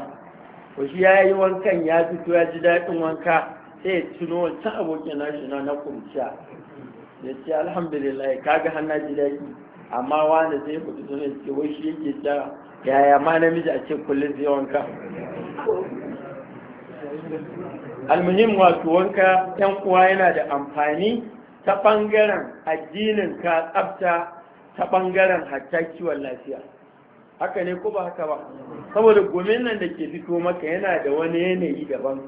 ko shi ya yi wankan ya fito ya ji daɗin wanka sai ya tuno wancan abokin nashi na na kurciya ya ce alhamdulillah kaga hannu ji daɗi amma wanda zai kudu suna ce wai shi yake ta yaya ma namiji a ce kullum zai wanka almuhim wato wanka yan uwa yana da amfani ta ɓangaren addinin ka tsafta ta bangaren hatta lafiya haka ne ko ba haka ba saboda gomin nan da ke fito maka yana da wani yanayi daban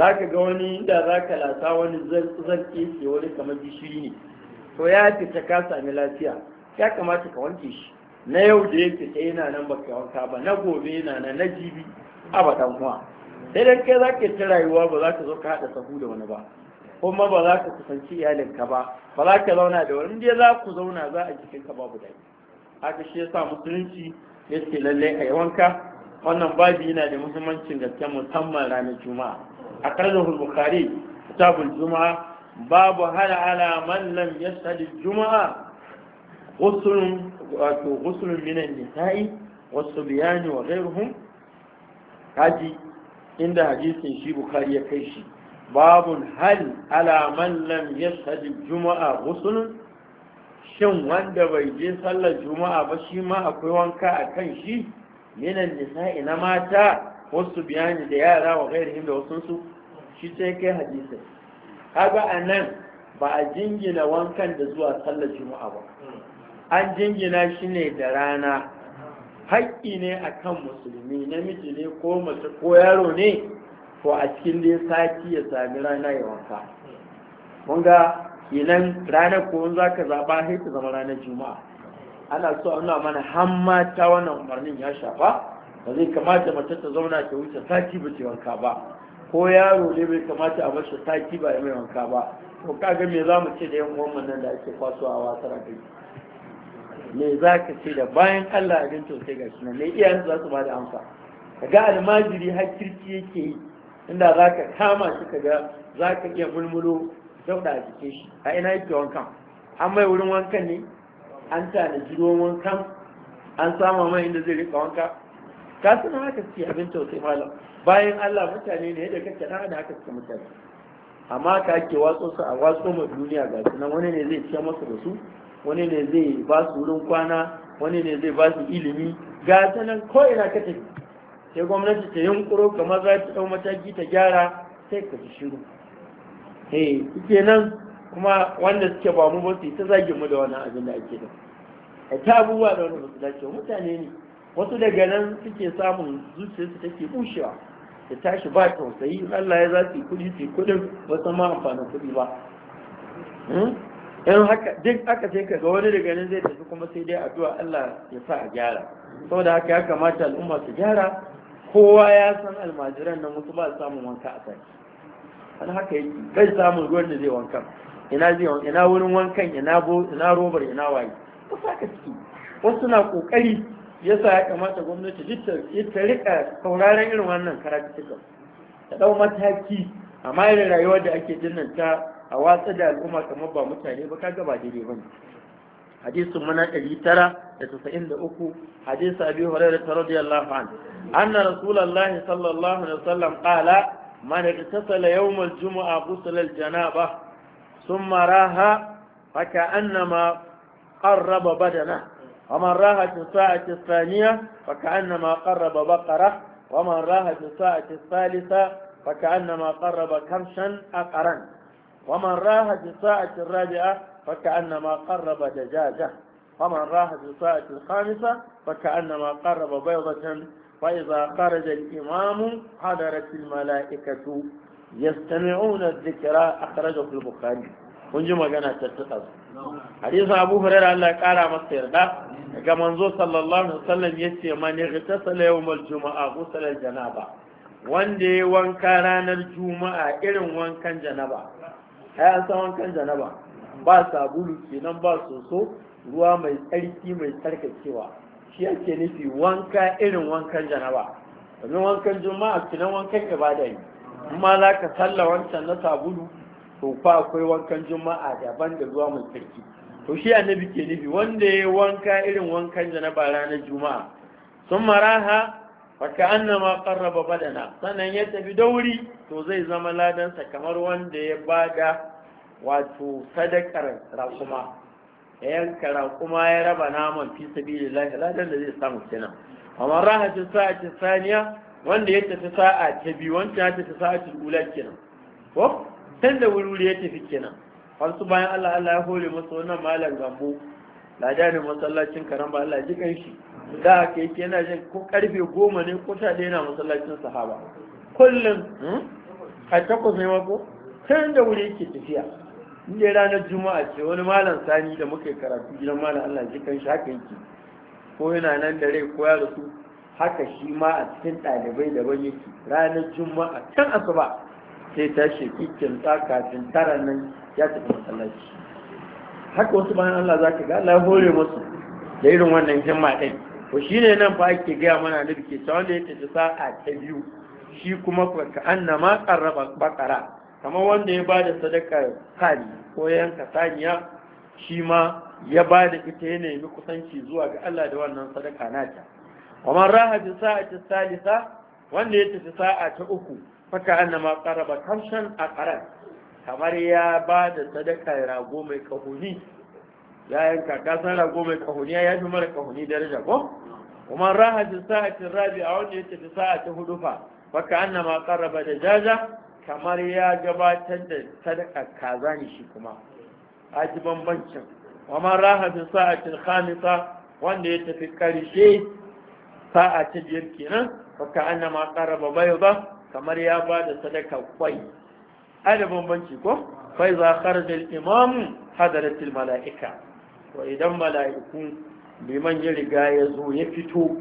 za ka ga wani inda za ka lasa wani zan ke wani kamar gishiri ne to ya fita ka sami lafiya ya kamata ka wanke shi na yau da ya fita yana nan ba ka wanka ba na gobe yana nan na jibi abadan kuma sai dai kai za ka ta rayuwa ba za ka zo ka haɗa sahu da wani ba kuma ba za ka kusanci iyalinka ba ba za ka zauna da wani ya za ku zauna za a ka babu daɗi haka shi yasa musulunci ya ce lallai a yi wanka wannan babi yana da muhimmancin gaske musamman ranar juma'a أقرنه البخاري كتاب الجمعة باب هل على من لم يشهد الجمعة غسل غسل من النساء والصبيان وغيرهم هذه عند حديث شي بخاري كيشي باب هل على من لم يشهد الجمعة غسل shin wanda bai je sallar juma'a ba shi ma akwai wanka a kan shi minan nisa'i na mata wasu biyani da yara wa gairihim da wasunsu shi sai kai hadisai kaga a nan ba a jingina wankan da zuwa sallar juma'a ba an jingina shi ne da rana haƙƙi ne a kan musulmi namiji ne ko mace ko yaro ne ko a cikin dai sati ya sami rana ya wanka mun ga kenan ranar ko za ka zaɓa sai zama ranar juma'a ana so ana mana hamma ta wannan umarnin ya shafa ba zai kamata mace ta zauna ta wuce sati ba ce wanka ba ko yaro ne bai kamata a masa taki ba mai wanka ba to kaga me za mu ce da yan uwan nan da ake kwaso a wasar abin me za ka ce da bayan Allah abin tausayi ga shi nan mai iyayen za su ba da amsa ga almajiri har kirki yake yi inda za ka kama shi ka ga za ka iya mulmulo dauɗa a jikin shi a ina yake wankan an mai wurin wankan ne an tanaji ruwan wankan an sama mai inda zai rika wanka ka suna haka ce abin tausayi malam bayan Allah mutane ne yadda kake da da haka suka mutane amma ka ke watso su a watso ma duniya ga su nan wani ne zai ciyar masa da su wani ne zai ba su wurin kwana wani ne zai ba su ilimi ga su nan ko ina ka tafi sai gwamnati ta yunkuro kamar za ta dau mataki ta gyara sai ka shiru eh nan kuma wanda suke ba mu ba su ta zage mu da wannan abin da ake da ta abubuwa da wani ba su dace mutane ne wasu daga nan suke samun zuciyarsu take bushewa ta tashi ba tausayi Allah ya za su yi kudi su yi kudin ba san ma amfanin kudi ba hmm? in haka duk aka sai ka ga wani daga nan zai tafi kuma sai dai addu'a Allah ya sa a gyara saboda haka ya kamata al'umma su gyara kowa ya san almajiran nan wasu ba su samun wanka a sai an haka yake bai samun ruwan da zai wankan ina zai wankan? ina wurin wankan ina robar ina waye Wasu haka ciki wasu na kokari yasa ya kamata gwamnati duk ta rika sauraron irin wannan karatuka ta dau mataki amma irin rayuwar da ake dinnan ta a watsa da al'umma kamar ba mutane ba kaga ba daidai bane hadisin mana 993 hadisi abi hurairah radiyallahu anhu anna rasulullahi sallallahu alaihi wasallam qala man ittasala yawm al-jum'a ghusla al-janaba thumma raha fa ka'annama qarraba badana ومن راها في الساعة الثانية فكأنما قرب بقرة ومن راها في الساعة الثالثة فكأنما قرب كمشا أقرا ومن راها في الساعة الرابعة فكأنما قرب دجاجة ومن راها في الساعة الخامسة فكأنما قرب بيضة فإذا خرج الإمام حضرت الملائكة يستمعون الذكرى أخرجه البخاري ونجم جنات تتقصد hadisin abu hurairah Allah ya kara masa yarda ga manzo sallallahu alaihi wasallam yace man yaghtasala yawmal jumu'a ghusala janaba wanda ya wanka ranar juma'a irin wankan janaba ai an san wankan janaba ba sabulu kenan ba soso ruwa mai tsarki mai tsarkakewa shi ake nufi wanka irin wankan janaba domin wankan juma'a kenan wankan ibada ne amma za ka salla wancan na sabulu to fa akwai wankan juma'a daban da ruwa mai tsarki to shi annabi ke nufi wanda ya wanka irin wankan bara na juma'a sun maraha faka annama karraba badana sannan ya tafi dauri to zai zama ladansa kamar wanda ya bada wato sadakar rakuma ya yanka rakuma ya raba naman fi sabilillahi ladan da zai samu kenan amma raha ta sa'a ta saniya wanda ya tafi sa'a ta biyu wancan ya tafi sa'a ta ula kenan Tanda da wuri ya tafi kenan har su bayan Allah Allah ya hore masa wannan malam gambo ladanin masallacin karamba Allah ji kan shi da ake yake yana jin ko karfe goma ne ko sha ɗaya yana masallacin sahaba kullum hmm? a takwas ne mako can da wuri yake tafiya inda ranar juma'a ce wani malam sani da muka karatu gidan malam Allah ji kan shi haka yake ko yana nan da rai ko ya rasu haka shi ma a cikin ɗalibai daban yake ranar juma'a can asuba sai ta shi kikin kafin tara nan ya tafi masallaci haka wasu bayan Allah za ka ga Allah ya hore musu da irin wannan himma ɗin ko shi ne nan fa ake gaya mana da ke ta wanda ya tafi sa'a ta biyu shi kuma ka anna ma karraba bakara kamar wanda ya bada sadaka sani ko yanka saniya shi ma ya bada ita ya nemi kusanci zuwa ga Allah da wannan sadaka nata kamar raha bi ta salisa wanda ya tafi sa'a ta uku faka annama qaraba kamshan aqran kamar ya ba da sadaka rago mai kahuni ya yanka ka rago mai kahuni ya yi mara kahuni daraja ko kuma raha ji sa'atin rabi a wanda ya tafi sa'ati hudu fa faka annama qaraba da jaja kamar ya gabatar da sadaka kaza ne shi kuma aji bambancin kuma raha ji sa'atin khamisa wanda ya tafi karshe sa'a ta biyar kenan faka annama qaraba bayda kamar ya ba da sadaka kwai ai bambanci ko kwai za kharaja al-imam hadarat malaika Ko idan mala'iku liman ya riga ya zo ya fito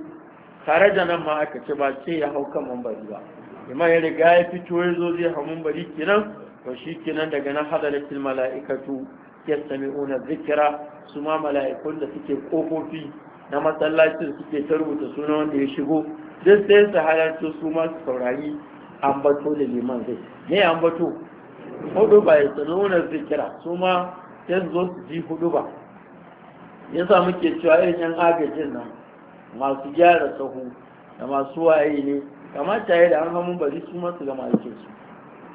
tare da nan ma aka ce ba ce ya hau kan mambari ba liman ya riga ya fito ya zo zai hau mambari Kinan ba shi kinan daga nan hadarat ya malaikatu una zikira su ma mala'ikun da suke kofofi na masallacin suke ta rubuta suna wanda ya shigo duk sai su halarci su masu saurari ambato da liman zai ne ambato hudu ba ya tsanuna zikira su ma yan zo su ji hudu ba ya sa muke cewa irin yan agajin nan masu gyara sahu da masu waye ne ta ya da an hamun bari su masu gama aikin su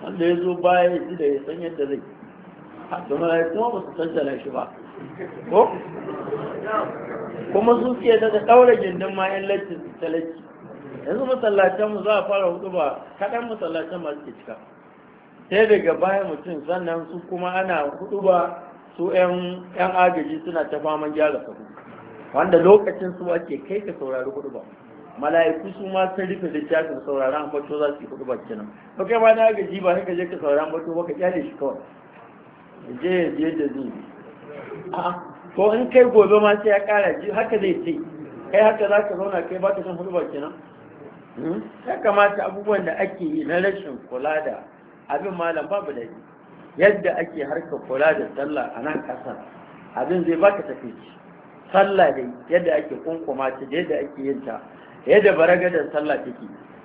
wanda ya zo baya ya ji da ya san yadda zai domin ya kuma ba su tattala shi ba ko kuma su ke daga ɗaura gindin ma yan latti su talaki yanzu masallacin mu za a fara hudu ba kaɗan masallacin ma ke cika sai daga bayan mutum sannan su kuma ana hudu ba su yan agaji suna ta faman gyara sabu wanda lokacin su ake kai ka saurari hudu ba mala'iku su ma sun rufe saurari sauraron ambato za su yi hudu ba kenan to kai ma na agaji ba sai ka je ka saurari ambato ba ka kyale shi kawai je ya je da zai a'a ko in kai gobe ma sai ya kara haka zai ce kai haka za ka zauna kai ba ka san hudu ba kenan Hmm? ya kamata abubuwan da ake yi na rashin kula da abin malam babu da yadda ake harkar kula da sallah a nan ƙasar abin zai baka tafi sallah dai yadda ake kunkuma ta da yadda ake yin ta yadda baragadar sallah take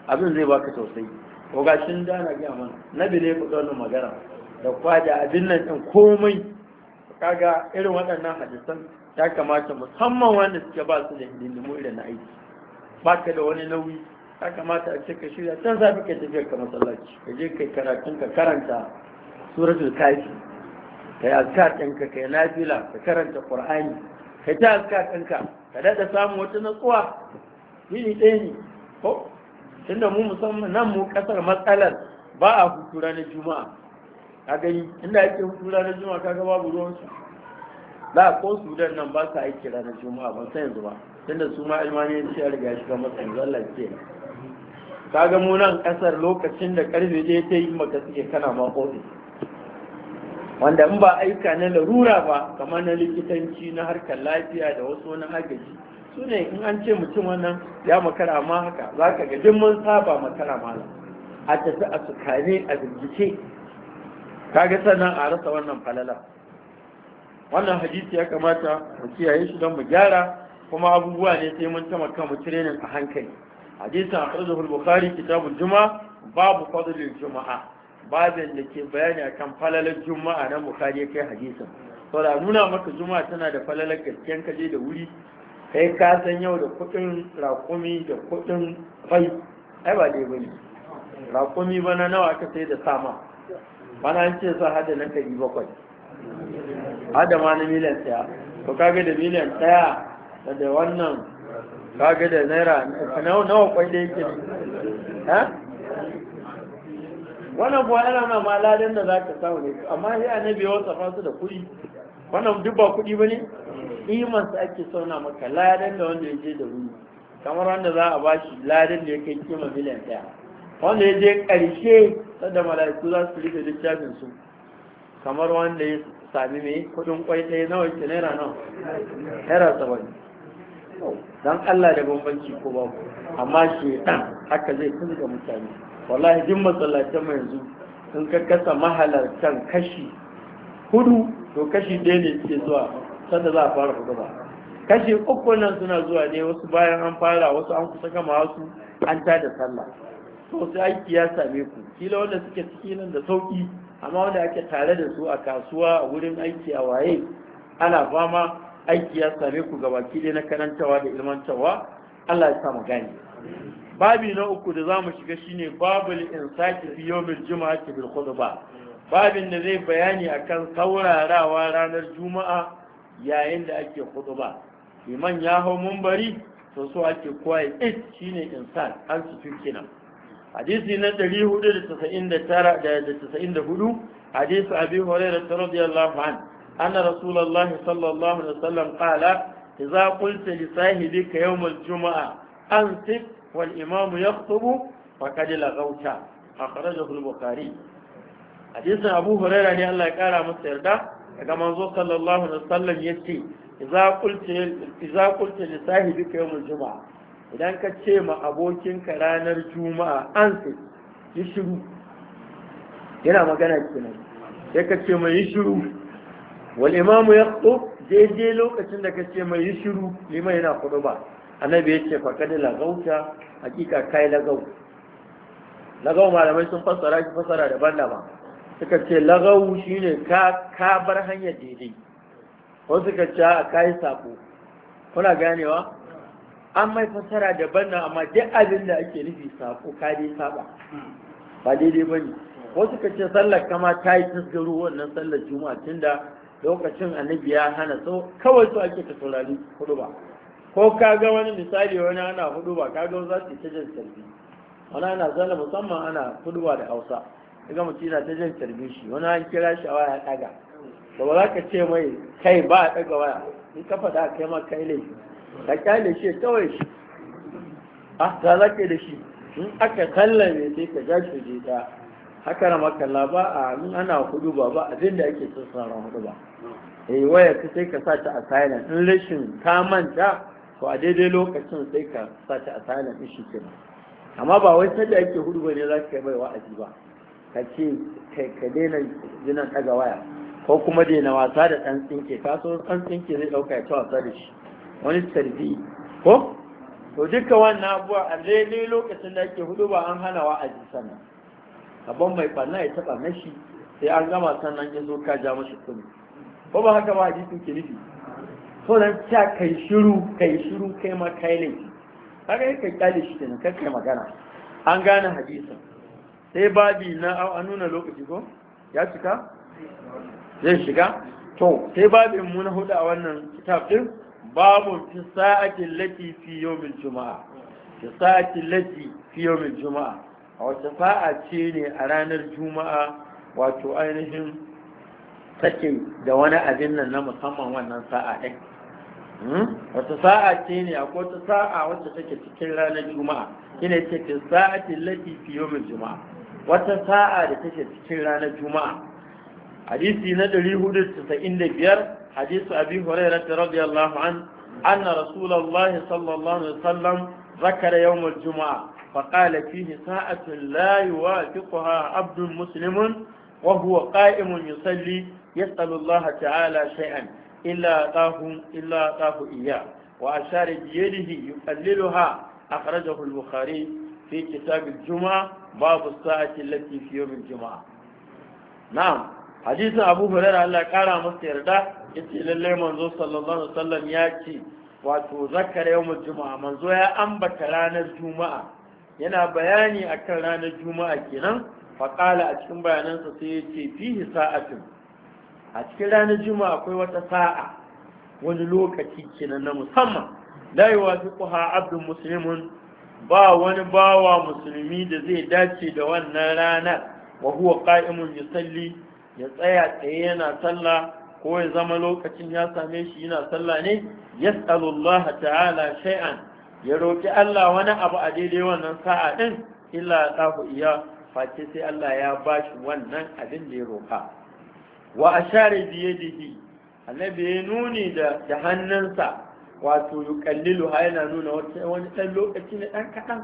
abin zai baka tausayi ko ga shin da na gaya mana na bile ku ɗaunin magana da kwada abin nan din komai kaga irin waɗannan hadisan ya kamata musamman wanda suke ba su da hidindimu irin na aiki ba ka da wani nauyi ya kamata a ce ka shirya can zafi ka tafiya ka masallaci ka je kai karatun ka karanta suratul kafi ka yi azkar ɗinka ka yi nafila ka karanta Ƙur'ani. ka ta azkar ɗinka ka daɗa samun wata natsuwa yini ɗaya ne ko tunda mu musamman nan mu ƙasar matsalar ba a hutu ranar juma'a ka gani inda ake hutu ranar juma'a kaga babu ruwansu a ko sudan nan ba su aiki ranar juma'a ban san yanzu ba tunda su ma ce ya riga shiga matsayin zallar kenan kaga mu nan kasar lokacin da karfe ɗaya ta yi maka suke kana ma ofis wanda in ba aika na larura ba kamar na likitanci na harkar lafiya da wasu wani agaji su ne in an ce mutum wannan ya makara ma haka za ka ga duk mun saba makara la a tafi a sukane a bincike kaga sannan a rasa wannan falala wannan hadisi ya kamata mu kiyaye shi don mu gyara kuma abubuwa ne sai mun taimaka mu tirenin a hankali hadisin akhrajahu al-bukhari kitabul juma'a babu fadlil juma'a babin da ke bayani akan falalar juma'a na bukhari kai hadisin saboda nuna maka juma'a tana da falalar gaskiyan kaje da wuri kai ka san yau da kudin raƙumi da kudin fai ai ba dai bane raƙumi bana nawa aka sai da sama bana an ce sa hada na ɗari bakwai hada ma na miliyan ɗaya to kaga da miliyan ɗaya da da wannan kage da naira nawa kwai da yake ha wannan kuwa ana na maladin da za ka samu ne amma sai annabi ya wasa su da kuɗi wannan duk ba kuɗi ba ne iman sa ake sauna maka ladan da wanda ya je da wuri kamar wanda za a ba shi ladan da ya kai kima miliyan ɗaya wanda ya je ƙarshe sadda mala'iku za su rike littafin su kamar wanda ya sami mai kuɗin kwai ɗaya nawa ke naira nawa naira saba'in dan Allah da bambanci ko ba amma shedan haka zai ga mutane wallahi duk masallacin mai yanzu sun ka kasa mahalartan kashi hudu to kashi ɗaya ne suke zuwa sanda za a fara hudu ba kashi uku nan suna zuwa ne wasu bayan an fara wasu an kusa gama wasu an ta da sallah to sai aiki ya same ku kila wanda suke ciki nan da sauki amma wanda ake tare da su a kasuwa a wurin aiki a waye ana fama aiki ya same ku gabaki dai na karantawa da ilmantawa Allah ya sa mu gane babi na uku da zamu shiga shine babu insaki fi juma'a juma'ati bil khutba babin da zai bayani akan saurarawa ranar juma'a yayin da ake khutba liman ya hau munbari to so ake koyi it shine insan an su nan hadisi na 499 da 94 hadisi abi hurairah radiyallahu anhu أن رسول الله صلى الله عليه وسلم قال إذا قلت لصاحبك يوم الجمعة أنصف والإمام يخطب فقد لغوت أخرجه البخاري حديث أبو هريرة أن الله قال مستردا كما صلى الله عليه وسلم يتي إذا قلت إذا قلت لصاحبك يوم الجمعة idan ka ce ma abokinka ranar juma'a an sai yi shiru yana magana kenan sai ka ce mai yi shiru wal imamu ya tso daidai lokacin da ka ce mai yi shiru liman yana kudu ba annabi ya ce faƙaɗi lagauta hakika kai lagau lagau malamai sun fassara shi fassara daban-daban suka ce lagau shi ne ka bar hanyar daidai wasu suka ce a kai sako kuna ganewa an mai fassara daban nan amma duk abin da ake nufi sako ka dai saba ba daidai ba ne. wasu suka ce sallar kama ta yi tasgaro wannan sallar juma'a tunda lokacin annabi ya hana so kawai su ake ta saurari hudu ba ko ka ga wani misali wani ana hudu ba ka ga za su ta jan sarbi wani ana zana musamman ana hudu ba da hausa daga mutum yana ta jan sarbi shi wani an kira shi a waya daga da ba za ka ce mai kai ba a daga waya in ka faɗa kai ma kai ne? ka kyale shi kawai shi a ah, ta za ka da shi in aka ne sai ka ja shi je ta haka na makalla ba a in ana hudu ba ba abin da ake son sana hudu ba eh waya ta sai ka sa a silent in rashin ka manta to a daidai lokacin sai ka sa a silent din shi kenan amma ba wai sai da ake hudu ba ne za ka bai wa'azi ba ka ce ka daina jinan daga waya ko kuma daina wasa da ɗan tsinke ka so ɗan tsinke zai ɗauka ya ta wasa da shi wani tarbi ko to duka wannan abuwa a daidai lokacin da ake hudu ba an hana wa'azi sannan abin mai ɓanna ya taɓa shi sai an gama sannan ya zo ka ja mashi kunu ba ba haka ba jikin ke nufi so nan ta kai shiru kai shiru kai ma kai laifi haka yi kai kyale shi kenan kai kai magana an gane hadisa sai babi na an nuna lokaci ko ya cika zai shiga to sai babin mu na hudu a wannan kitab din babu fi sa'atin lati fi yawmil juma'a fi sa'atin lati fi juma'a a wata fa'a ce ne a ranar juma'a wato ainihin take da wani abin nan na musamman wannan sa'a ɗin hmm? wata sa'a ce ne a wata sa'a wacce take cikin ranar juma'a shine ce ta sa'ati lati fi yawmin juma'a wata sa'a da take cikin ranar juma'a hadisi na ɗari da 495 hadisu abi hurairah radiyallahu an anna Rasulallah sallallahu alaihi wasallam zakara yawmul juma'a فقال فيه ساعة لا يوافقها عبد مسلم وهو قائم يصلي يسأل الله تعالى شيئا إلا أعطاه إلا أعطاه إياه وأشار بيده يقللها أخرجه البخاري في كتاب الجمعة باب الساعة التي في يوم الجمعة نعم حديث أبو هريرة الله قال مصير ده إلى الله منذ صلى الله عليه وسلم يأتي وتذكر يوم الجمعة منذ يا أنبت رانا الجمعة yana bayani akan ranar juma'a kenan faƙala a cikin bayanansa sai ya ce fihi sa'atin a cikin ranar juma'a akwai wata sa'a wani lokaci kenan na musamman la yuwafiquha abdun muslimun ba wani bawa musulmi da zai dace da wannan ranar wa huwa qa'imun yusalli ya tsaya tsaye yana sallah ko ya zama lokacin ya same shi yana sallah ne yas'alullah ta'ala shay'an ya roƙi Allah wani abu a daidai wannan sa'a ɗin illa ɗahu iya face sai Allah ya ba shi wannan abin da ya roƙa wa a share biye-biye? biyadihi annabi ya nuni da hannunsa wato yukallilu ha yana nuna wani ɗan lokaci ne ɗan kaɗan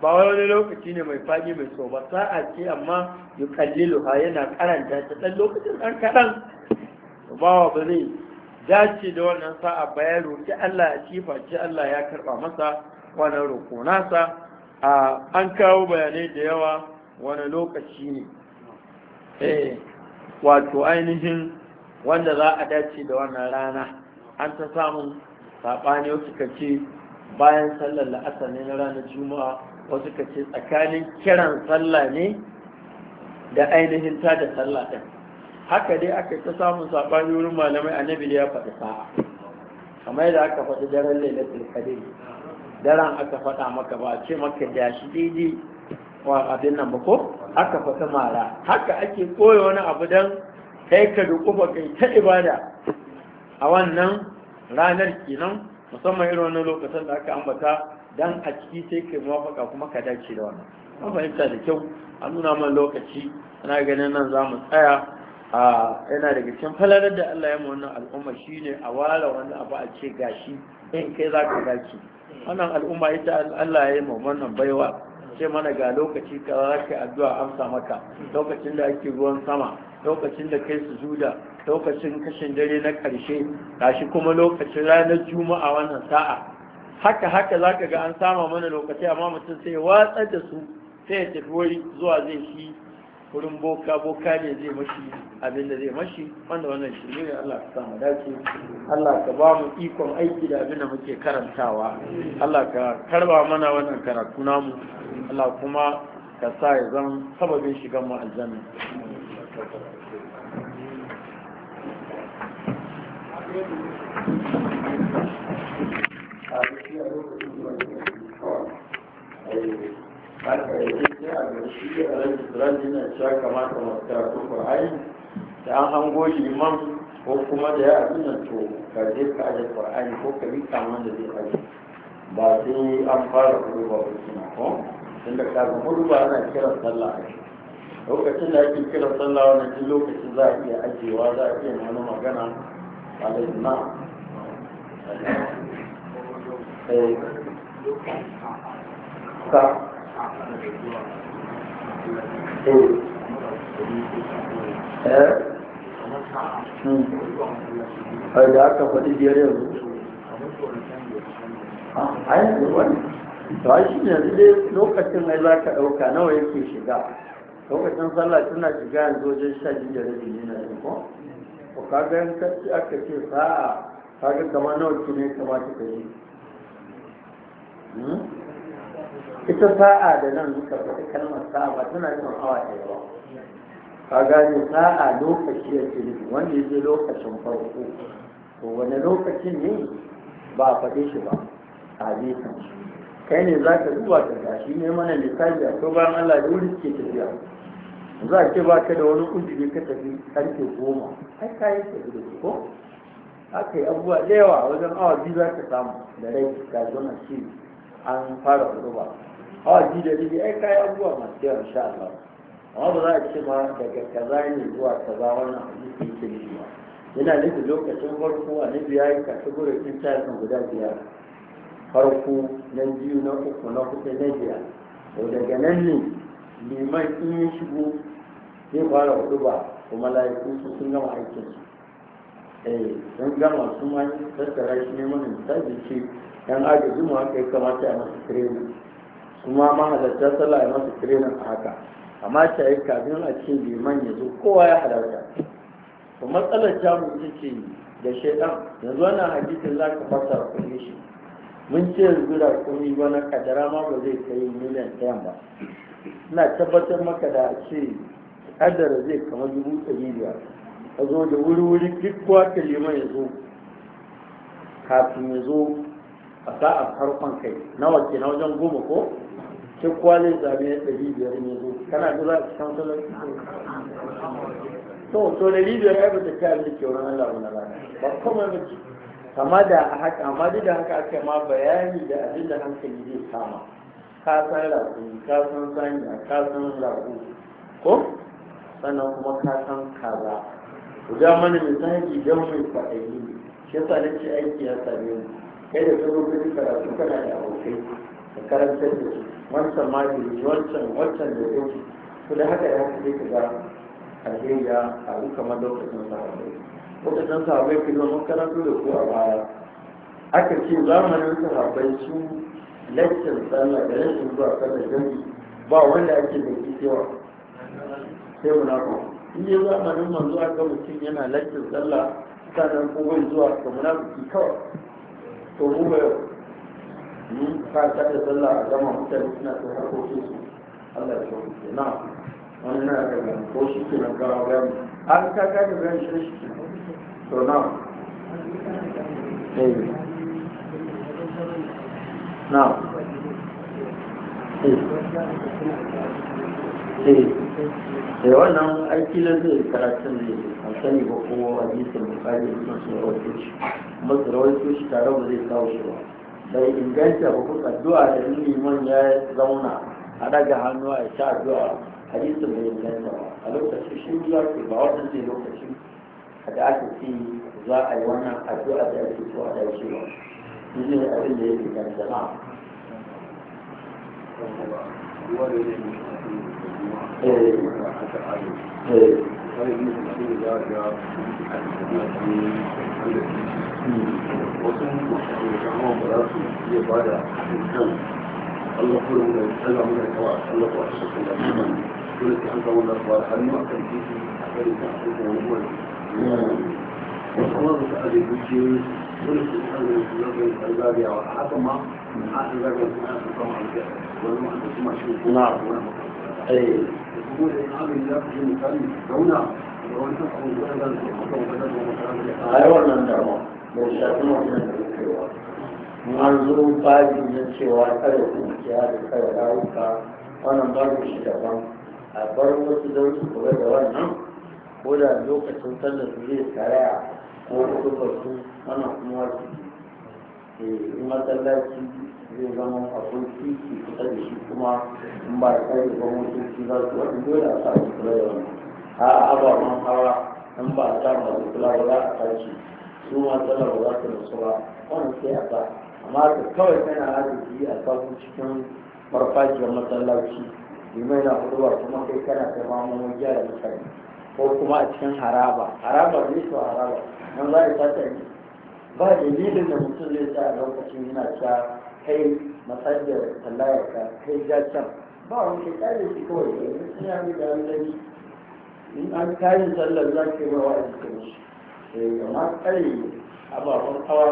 ba wani lokaci ne mai fagi mai so ba sa'a ce amma yukallilu ha yana karanta ta ɗan lokacin ɗan kaɗan ba wa ba zai dace da wannan sa'a bayan roƙi Allah ya kifa ce Allah ya karɓa masa wannan roƙo nasa a an kawo bayanai da yawa wani lokaci ne eh, wato ainihin wanda za a dace da wannan rana an ta samun saɓani wasu ka ce bayan sallar la'asar ne na ranar juma'a wasu ka ce tsakanin kiran sallah ne da ainihin ta da sallah ɗin haka dai aka ta samun saɓani wurin malamai annabi ya faɗi sa'a kamar yadda aka faɗi daren lailatul qadr daren aka faɗa maka ba ce maka da shi daidai wa abin nan ba ko aka faɗi mara haka ake koya wani abu dan kai ka dukufa kai ta ibada a wannan ranar kenan musamman irin wani lokacin da aka ambata dan a ciki sai kai muwafaka kuma ka dace da wannan an fahimta da kyau a nuna man lokaci ana ganin nan za mu tsaya a yana daga cikin falalar da Allah ya wannan al'umma shine a wala wani abu a ce gashi in kai za ka gaci wannan al'umma ita Allah ya yi mu wannan baiwa sai mana ga lokaci ka za ka addu'a amsa maka lokacin da ake ruwan sama lokacin da kai su zuda, lokacin kashin dare na karshe gashi kuma lokacin ranar juma'a wannan sa'a haka haka za ka ga an sama mana lokaci amma mutum sai watsar da su sai ya tafi wuri zuwa zai shi wurin boka boka ne zai mashi abin da zai mashi wanda wannan shi ne Allah ka samu dace Allah ka ba mu ikon aiki da abin da muke karantawa Allah ka karba mana wannan karatu namu Allah kuma ka sa ya zan sababin shigan mu aljanna Thank you. haka a da ko kuma da ya abin nan to ka je ka aje ko ka bi kaman da zai aje ba sai an fara hudu ba wasu na ko hudu ba ana kiran sallah a lokacin da ake kiran sallah wannan duk lokacin za a iya ajewa za a iya wani magana a da na ka eh hmm. da aka faɗi biyar yanzu a ah, yanzu wani ta shi ne dai lokacin mai za ka ɗauka nawa yake shiga lokacin tsalla tana shiga yanzu wajen sha biyu da rabi ne na ko ko kaga yan kaci aka ce sa'a kaga kamar nawa ne kamata ka yi hmm? ita sa'a da nan duka wata kalmar sa'a ba tana yin awa da yawa. ka gane sa'a lokaci ya ce wanda ya je lokacin farko to wani lokacin ne ba a faɗe shi ba a bisan kai ne za ka duba ka gashi ne mana lissafi a ko bayan Allah da wuri ke tafiya za ce ba ka da wani ujiri ka tafi karfe goma ai ka yi tafi da ko aka yi abubuwa da yawa wajen awa biyu za ka samu da rai ga zonar shi an fara hudu A waje da ji ai kayi abubuwa masu yawa insha Allah amma ba za a ce ma daga kaza ne zuwa kaza wannan hadisi yake nufi ba yana nufin lokacin farko a nufi ya yi kategorin intanet guda biyar farko na biyu na uku na hudu na biyar to daga nan ne liman in ya shigo zai fara hudu kuma layakun su sun gama aikin eh sun gama su ma tattara shi ne mana misali ce yan agaji mu aka yi kamata a masu training kuma mahalarta sallah ya masu training a haka amma ta yi kafin a ce liman ya zo kowa ya halarta to matsalar jamus ita ce da shaidan yanzu wannan hadisin za ka fasa kuɗi shi mun ce yanzu da kuɗi wani kadara ma ba zai kai miliyan ɗayan ba ina tabbatar maka da ce kadara zai kama dubu ɗari biyar ka zo da wuri-wuri duk kowa liman ya zo kafin ya zo a sa'ar farkon kai Na wace na wajen goma ko sai kwalin zabe ya ɗari biyar ne zo kana da za a cikin salar to to ɗari biyar ya bata kai da kyau wurin Allah wani rana ba kuma mace kama da haka amma duk da haka aka ma bayani da abin da hankali zai sama ka san rago ka san saniya ka san ko sannan kuma ka san kaza ku ja mana misali don mai kwaɗayi ne shi yasa ce aiki ya same mu kai da sun rubuta karatu kana da abokai da karantar da su wancan mai wancan wancan da zai ci da haka ya haka ka ga alheri ya faru kamar lokacin sahabbai lokacin sahabbai kuma mun karanto da ku a baya aka ce zamanin sahabbai su lakcin sallah da rashin zuwa da gani ba wanda ake da cewa sai munafiki in yi zamanin manzo aka mutum yana lakcin sallah sannan ko bai zuwa ga munafiki kawai to mu ba ni ka ta da sallah a gama mutane suna ta harkokin su Allah ya shi na wani na ga ko shi ke nan an ka ka da zan shi to na eh na eh. eh eh wannan aiki lalle karatun ne sani ba kowa kuma hadisin bukari da su rawaito shi masu rawaito shi tare ba zai kawo shi ba bai inganta ba kuka addu'a da liman ya zauna a daga hannu a sha addu'a a hadisin bai inganta ba a lokacin shi ya ke ba wannan zai lokacin da aka fi za a yi wannan addu'a da ake so a dace ba shi ne abin da ya inganta na. Allah kullum da Allah mun da kawai Allah ko shi da dole sai an samu da kawai har ma kan titi a kan ta ko ko wannan kuma da ta da guje dole sai an da lokacin Allah ya haka ma a da ga kuma kuma shi kuma a wannan dama mai shafi wannan da an zo babi na cewa kare da kare rawuka wannan babu shi daban a bar wasu don su da wannan ko da lokacin sallar su zai karaya ko kudu su wannan kuma wasu eh, masallaci zai zama akwai titi kusa da shi kuma in ba da tsari ba motoci za su wani dole a sa kula da wani a ababen hawa in ba a sa masu kula ba za a tashi su ma tsala ba za su rasu ba wani sai a ba amma ka kawai kana arziki a sabon cikin farfajiyar masallaci limai na hudu ba kuma kai kana da mamun gyara mutane ko kuma a cikin haraba haraba ne to haraba nan za a yi ne ba dalilin da mutum zai sa a lokacin yana ta kai masajiyar masajjar tallayarka kai jacen ba wani ke kare shi kawai da yanzu sun yami da an gani in an kayan sallar za ke mawa a jikin shi da eh, kama kare ababen hawa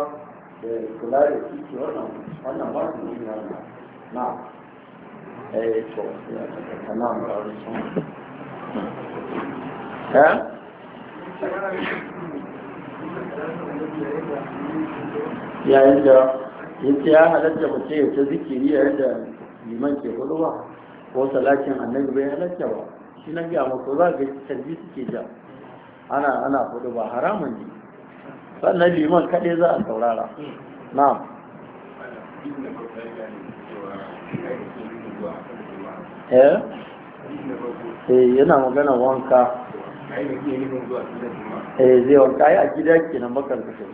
da kula da titi wannan wannan ba su yi wannan na eh to ya ta kana mu da wani sun ha eh? yayin da yake ya halatta mace ya ta zikiri a da liman ke ba ko salakin annabi bai halatta ba shi na ga maso za ga canji suke ja ana ana hudu ba haramun ne sannan liman kaɗai za a saurara na'am eh, eh yana magana wanka eh zai wanka ya a gida kenan bakar kashe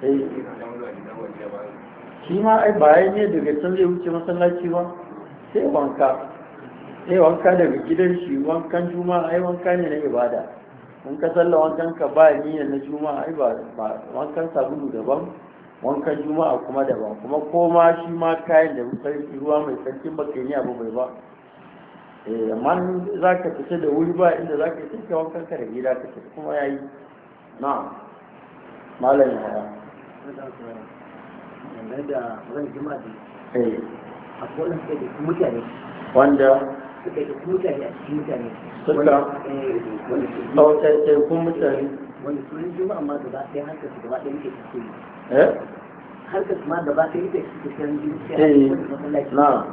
shi ma ai bayan ne daga can zai wuce masallaci ba sai wanka sai wanka daga gidan shi wankan juma'a ai wanka ne na ibada in ka tsalla wankan ka ba niyyar na juma'a ai ba wankan sabulu daban wankan juma'a kuma daban kuma koma shi ma kayan da sarki ruwa mai sarkin bakin ya abu bai ba eh, amma za ka fita da wuri ba inda za ka yi wankan ka da gida ka kuma ya yi na malam yara wanda suka mutane a cikin mutane suka kautatattun mutane wanda sunan juma'a ma gaba ɗaya harkar su gaba ɗaya muke cikin harkar su ma gaba ɗaya muke cikin juma'a na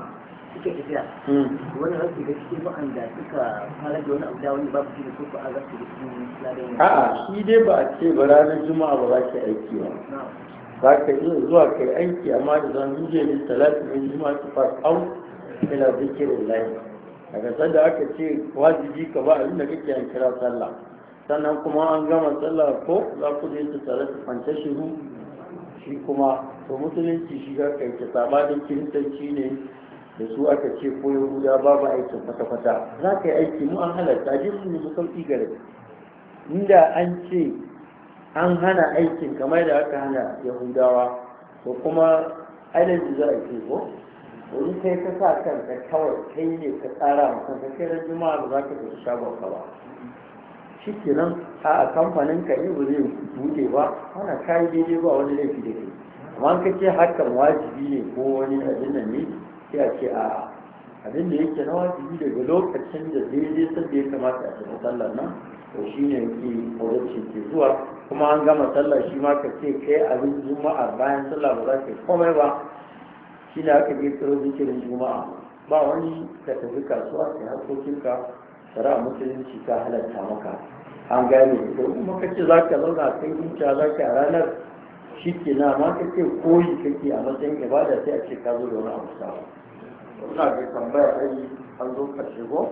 suke tafiya wani rasu da cikin wa'anda suka fara da wani abu da wani babu shi su ko a rasu da cikin ladan a'a shi dai ba a ce ba ranar juma'a ba za ki aiki ba zaka ka iya zuwa kai aiki amma da zan zuje ne talati ne juma ta au ila zikirin layi daga da aka ce wajibi ka ba abin da kake an kira sallah sannan kuma an gama sallah ko za ku je ta tare ta shiru shi kuma to musulunci shi ga kai ta da kiristanci ne da su aka ce ko yahuda babu aikin kwata-kwata za ka yi aiki mu an halatta jin mu nemi sauƙi gare inda an ce an hana aikin kamar da aka hana yahudawa ko kuma ainihin za a ce ko wani kai ka sa kanka kawai kai ne ka tsara kan ka kai da juma'a da za ka tafi shagon ka ba shi kenan a kamfanin ka yi ba zai buɗe ba ana kayi daidai ba wani laifi da ke amma ka ce hakan wajibi ne ko wani abin nan ne sai a ce a abin da yake na wajibi daga lokacin da daidai sabbi ya kamata a tafi nan to shine yake wajen ke zuwa kuma an gama sallah shi ma ka ce kai abin juma'a bayan sallah ba za ka komai ba shi ne aka je tsoro zikirin juma'a ba wani ka tafi kasuwa ka harkokinka a musulunci ka halatta maka an gane ko kuma ka ce za ka zauna kai zuciya za ka ranar shi ke na ma ka ce koyi kake a matsayin ibada sai a ce ka zo da wani abu sawa wannan ga tambaya ai an zo karshe ko?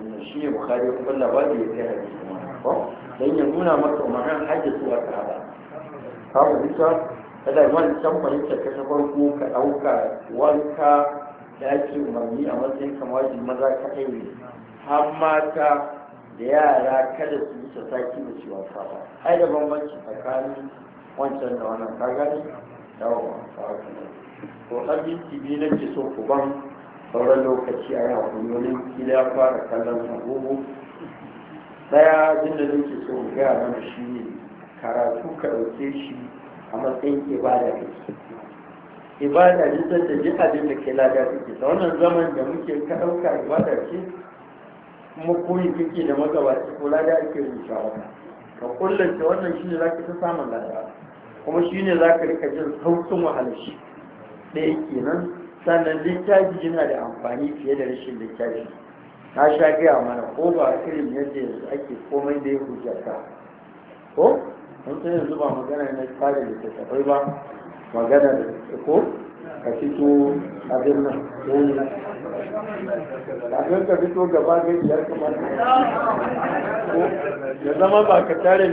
shi ne bukari kuma labari ya kai hadisi ko dan ya nuna maka umaran hajjatu wa sahaba ka mu bisa kada man san fahimta ka ta farko ka dauka wanka da ake umarni a matsayin kamar maza ka aini har mata da yara kada su yi ta saki da cewa ba ai da bambanci tsakanin wancan da wannan ka gani yawa ko hadisi biyu nake so ku ban sauran lokaci a yau kuma wani ya fara kallon agogo daya jin da nake so ga gaya mana shi ne karatu ka ɗauke shi a matsayin ibada ne ibada ne da ji abin da ke lada kake ta wannan zaman da muke ka ɗauka ibada ce kuma koyi kake da magabaci ko lada ake rubuta wata ka kullum wannan shi ne za ka ta samun lada kuma shi ne za ka rika jin sautin wahalashi ɗaya kenan sannan littafi yana da amfani fiye da rashin littafi na sha gaya mana ko ba irin yadda yanzu ake komai da ya hujjata ko mun san yanzu ba magana na tsarin littattafai ba magana da ko ka fito abin nan yayi nan ka fito ka tare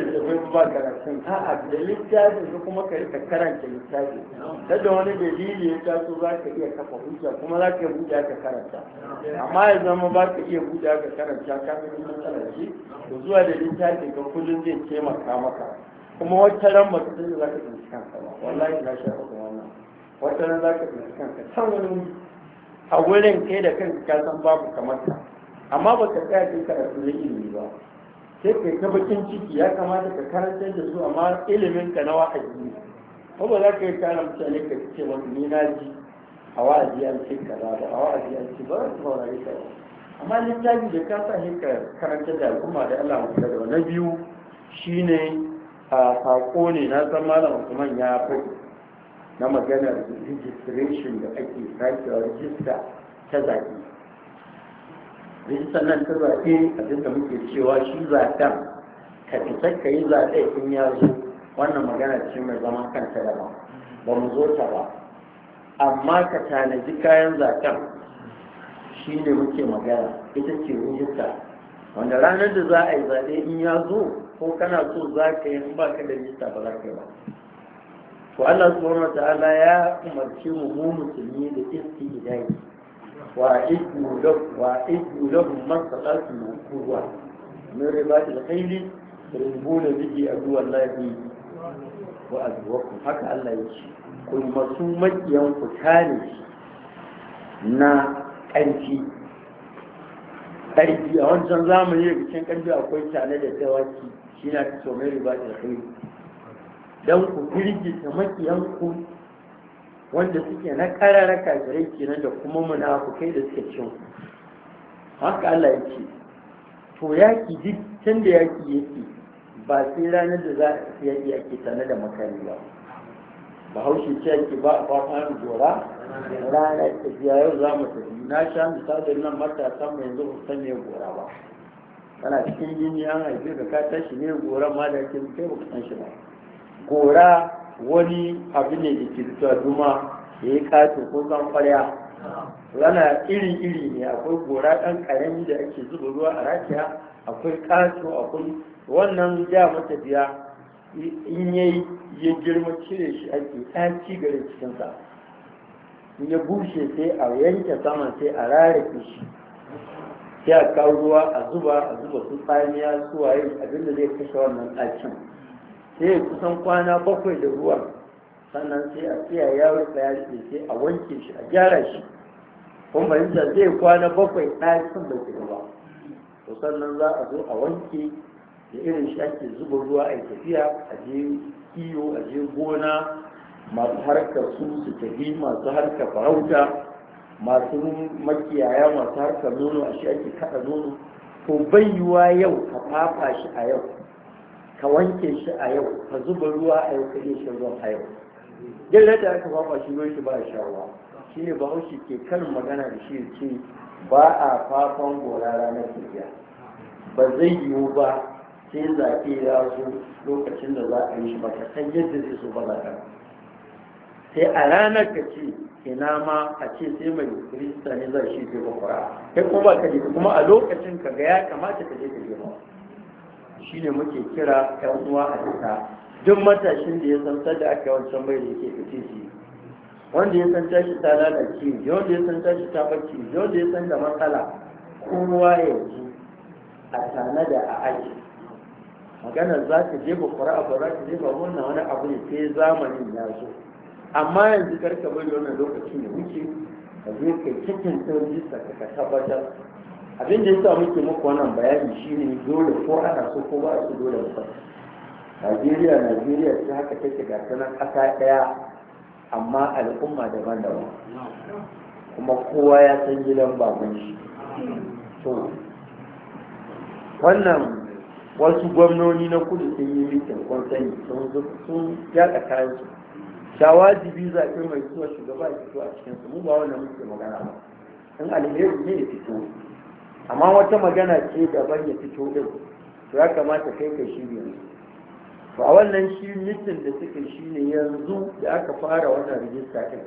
a'a da littafin su kuma ka rika da wani dalili ya taso za ka iya kafa ka iya ka karanta amma ya ka iya ka karanta ka zai taimaka maka kuma ba ka tsinci wata za ka tsinci kanka can wani a wurin kai da kanka ka san babu kamar ka amma ba ka tsaya kai karatu na ilimi ba sai kai ta bakin ciki ya kamata ka karanta da su amma ilimin ka na wa'azi ko ba za ka yi kana mutane ka ce wani ni na ji a wa'azi an ce za ba a wa'azi an ce ba za su saurari ka ba amma littafi da ka sa ne ka karanta da al'umma da Allah mutu da na biyu shine a sako ne na san malam Usman ya faɗi na maganar registration da ake sakewa rijista ta zaɓe rijistar nan ta zaɓe abinda muke cewa shi zaɓen ka fita ka yi zaɓe in ya zo wannan magana ce mai zama kanta da ba ba mu zo ta ba amma ka tanaji kayan zaɓen shi ne muke magana ita ce rijista wanda ranar da za a yi zaɓe in ya zo ko kana so za ka yi ba ka da rijista ba za ka yi ba to Allah subhanahu wataala ya umarci mu mu musulmi da istidai wa idu lahu wa idu lahu masaqatu min quwwa min ribati al-khayl turbuna bihi adu wallahi wa azwakum haka Allah ya ce Kun su makiyan ku na ƙarfi ƙarfi a wancan zamani da cikin ƙarfi akwai tare da dawaki shi na ta somai ribati al Dan ku girgita makiyanku wanda suke na karara kafirai kenan da kuma munafukai da suke cin haka Allah ya ce to yaki duk can da yaki yake ba sai ranar da za a yaki ake tare da makami ba bahaushe ce ake ba a fatan gora rana ya yau za mu tafi na sha misalin nan matasa ma yanzu ba san me gora ba kana cikin jini an haife ka ka tashi ne gora ma da ake kai ba san shi ba gora wani abu ne da ke zuwa duma da ya kato ko zan rana iri-iri ne akwai gora ɗan ƙarami da ake zuba ruwa a rakiya akwai kato akwai wannan ya matafiya in yayi ya girma cire shi ake ci gare cikinsa in ya bushe sai a yanke sama sai a rarrafe shi sai a kawo ruwa a zuba a zuba su zuwa su waye abinda zai kashe wannan ɗakin. sai kusan kwana bakwai da ruwa sannan sai a tsaya ya rufe ya rufe sai a wanke shi a gyara shi kuma yadda zai kwana bakwai sun da ke ruwa to sannan za a zo a wanke da irin shi ake zuba ruwa a tafiya a je kiyo a je gona masu harkar su su tafi masu harkar farauta masu makiyaya masu harkar nono a shi ake kaɗa nono ko bayuwa yau ka fafa shi a yau ka wanke shi a yau ka zuba ruwa a yau ka iya shan ruwan a yau duk da aka fafa shi ruwan shi ba a sha shi ne bahaushe ke karin magana da shi ce ba a fafon gora ranar tafiya ba zai yiwu ba sai zaɓe ya zo lokacin da za a yi shi ba ka san yadda zai so ba za ka sai a ranar ka ce ina ma a ce sai mai kirista ne za shi je ba kai kuma ba ka je kuma a lokacin ka ga ya kamata ka je ka je ba shine muke kira yan uwa a duka duk matashin da ya san da aka wancan bai da yake fice shi wanda ya san tashi ta lalace da wanda ya san tashi ta bacci da wanda ya san da matsala kowa yanzu a tanada a aji maganar za ta jefa ƙura'a ba za ta jefa wannan wani abu ne yi zamanin ya zo amma yanzu karka bari wannan lokaci da wuce ka je ka cikin ka tabbatar abin da yasa muke muku wannan bayani shine dole ko ana so ko ba su dole ba Najeriya Najeriya ta haka take ga sanar ƙasa ɗaya amma al'umma daban-daban kuma kowa ya san gidan baban shi to wannan wasu gwamnoni na kudu sun yi mitin kun sani sun sun ya kayan su a zaɓe mai zuwa shugaba ya fito a cikin su mu ba wannan muke magana ba in alheri ne ya fito amma wata magana ce daban ya fito din to ya kamata kai ka shi ne to a wannan shi mitin da suka shi ne yanzu da aka fara wannan rijista din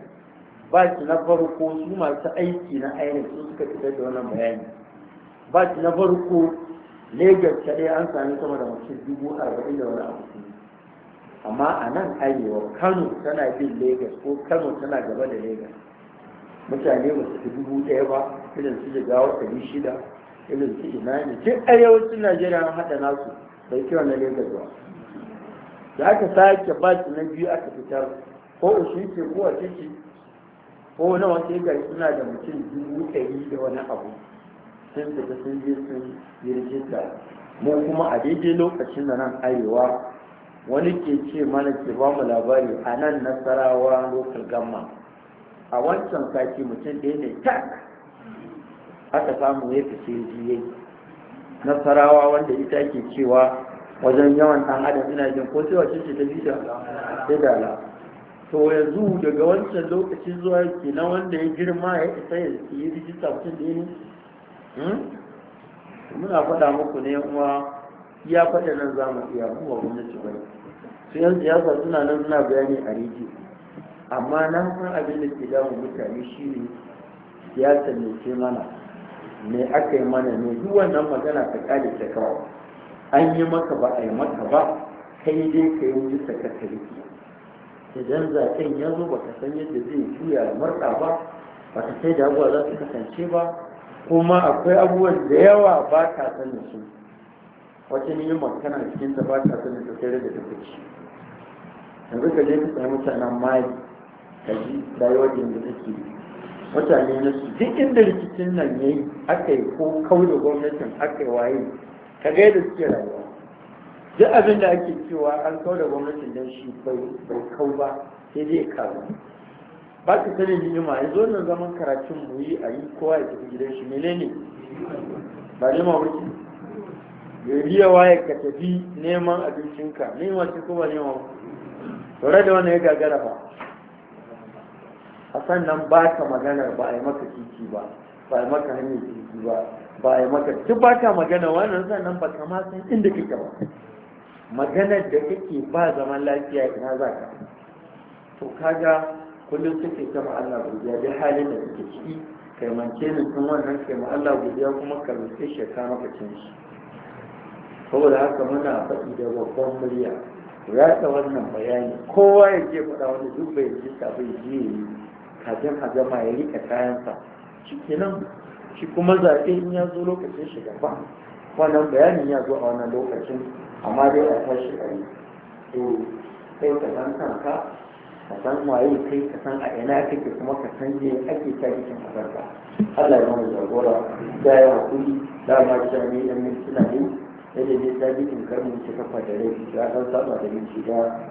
ba shi na farko su masu aiki na ainihin su suka fita da wannan bayani ba shi na farko Legas ta ɗaya an sami sama da mutum dubu arba'in da wani abu amma a nan arewa kano tana bin Legas ko kano tana gaba da lagos mutane ba su dubu ɗaya ba irin su jigawa ɗari shida irin su imani ne arewacin najeriya na haɗa nasu bai kiran na lagos ba da aka sake ba su na biyu aka fitar ko usuce ko a ciki ko na wata ga suna da mutum dubu ɗari da wani abu sun fita sun je sun yi rijista mu kuma a daidai lokacin da nan arewa wani ke ce mana ke ba mu labari a nan nasarawa lokal gamma a wancan sati mutum ɗaya ne tak aka samu ya fice jiye nasarawa wanda ita ke cewa wajen yawan ɗan adam ina jin ko sai wacce ce ta bi da sai da ala to yanzu daga wancan lokacin zuwa yake na wanda ya girma ya isa ya yi rijista cikin da ne hmm? muna faɗa muku ne kuma ya faɗa nan za mu iya kuma gwamnati ba su yan siyasa suna nan suna bayani a rijiyo, amma nan san abin da ke damun mutane shi ne siyasa ne ce mana me aka yi mana ne duk wannan magana ta kare ta kawo? an yi maka ba a yi maka ba kai dai ka yi wuce ka kariki idan zaken ya zo ka san yadda zai juya da murɗa ba ka sai da abuwa za su kasance ba kuma akwai abubuwan da yawa ba ka sanin su wata yi kana cikin ta ba ka sanin ta sai da ta fice yanzu ka je ka sami mutanen mai ka ji rayuwar yanzu take mutane na su duk inda rikicin nan ya yi aka yi ko kawo da gwamnatin aka yi waye ka ga yadda suke rayuwa duk abin da ake cewa an kawo da gwamnatin don shi bai kau ba sai dai kawo ba ka sanin ya zo nan zaman karatun mu yi a yi kowa ya tafi gidan shi menene ba ne ma wuce ya biya waye ka tafi neman abincinka neman shi kuma neman tare da wani ya gagara ba a sannan ba ka magana ba a yi maka titi ba ba a yi maka hanyar titi ba ba a yi maka duk ba ka magana wannan sannan ba ka san inda kake ba maganar da kake ba zaman lafiya ina za ka to kaga kullum suke kama Allah godiya bi halin da suke ciki kai mance ni sun wannan kai ma Allah godiya kuma ka rufe shi ka maka cin shi saboda haka muna faɗi da babban murya ta wannan bayani kowa ya je faɗa wani duk bai ji sabon ji yi kajin zama ya rika kayansa ciki nan shi kuma zaɓe in ya zo lokacin shiga gaba wannan bayanin ya zo a wannan lokacin amma dai a tashi shi yi to kai ka san kanka ka san waye kai ka san a ina kake kuma ka san je ake ta cikin kasarka Allah ya mana jagora da ya hakuri da ma ta ne dan mintuna ne da ne ta bi in ta kafa da rai ya san saba da mintuna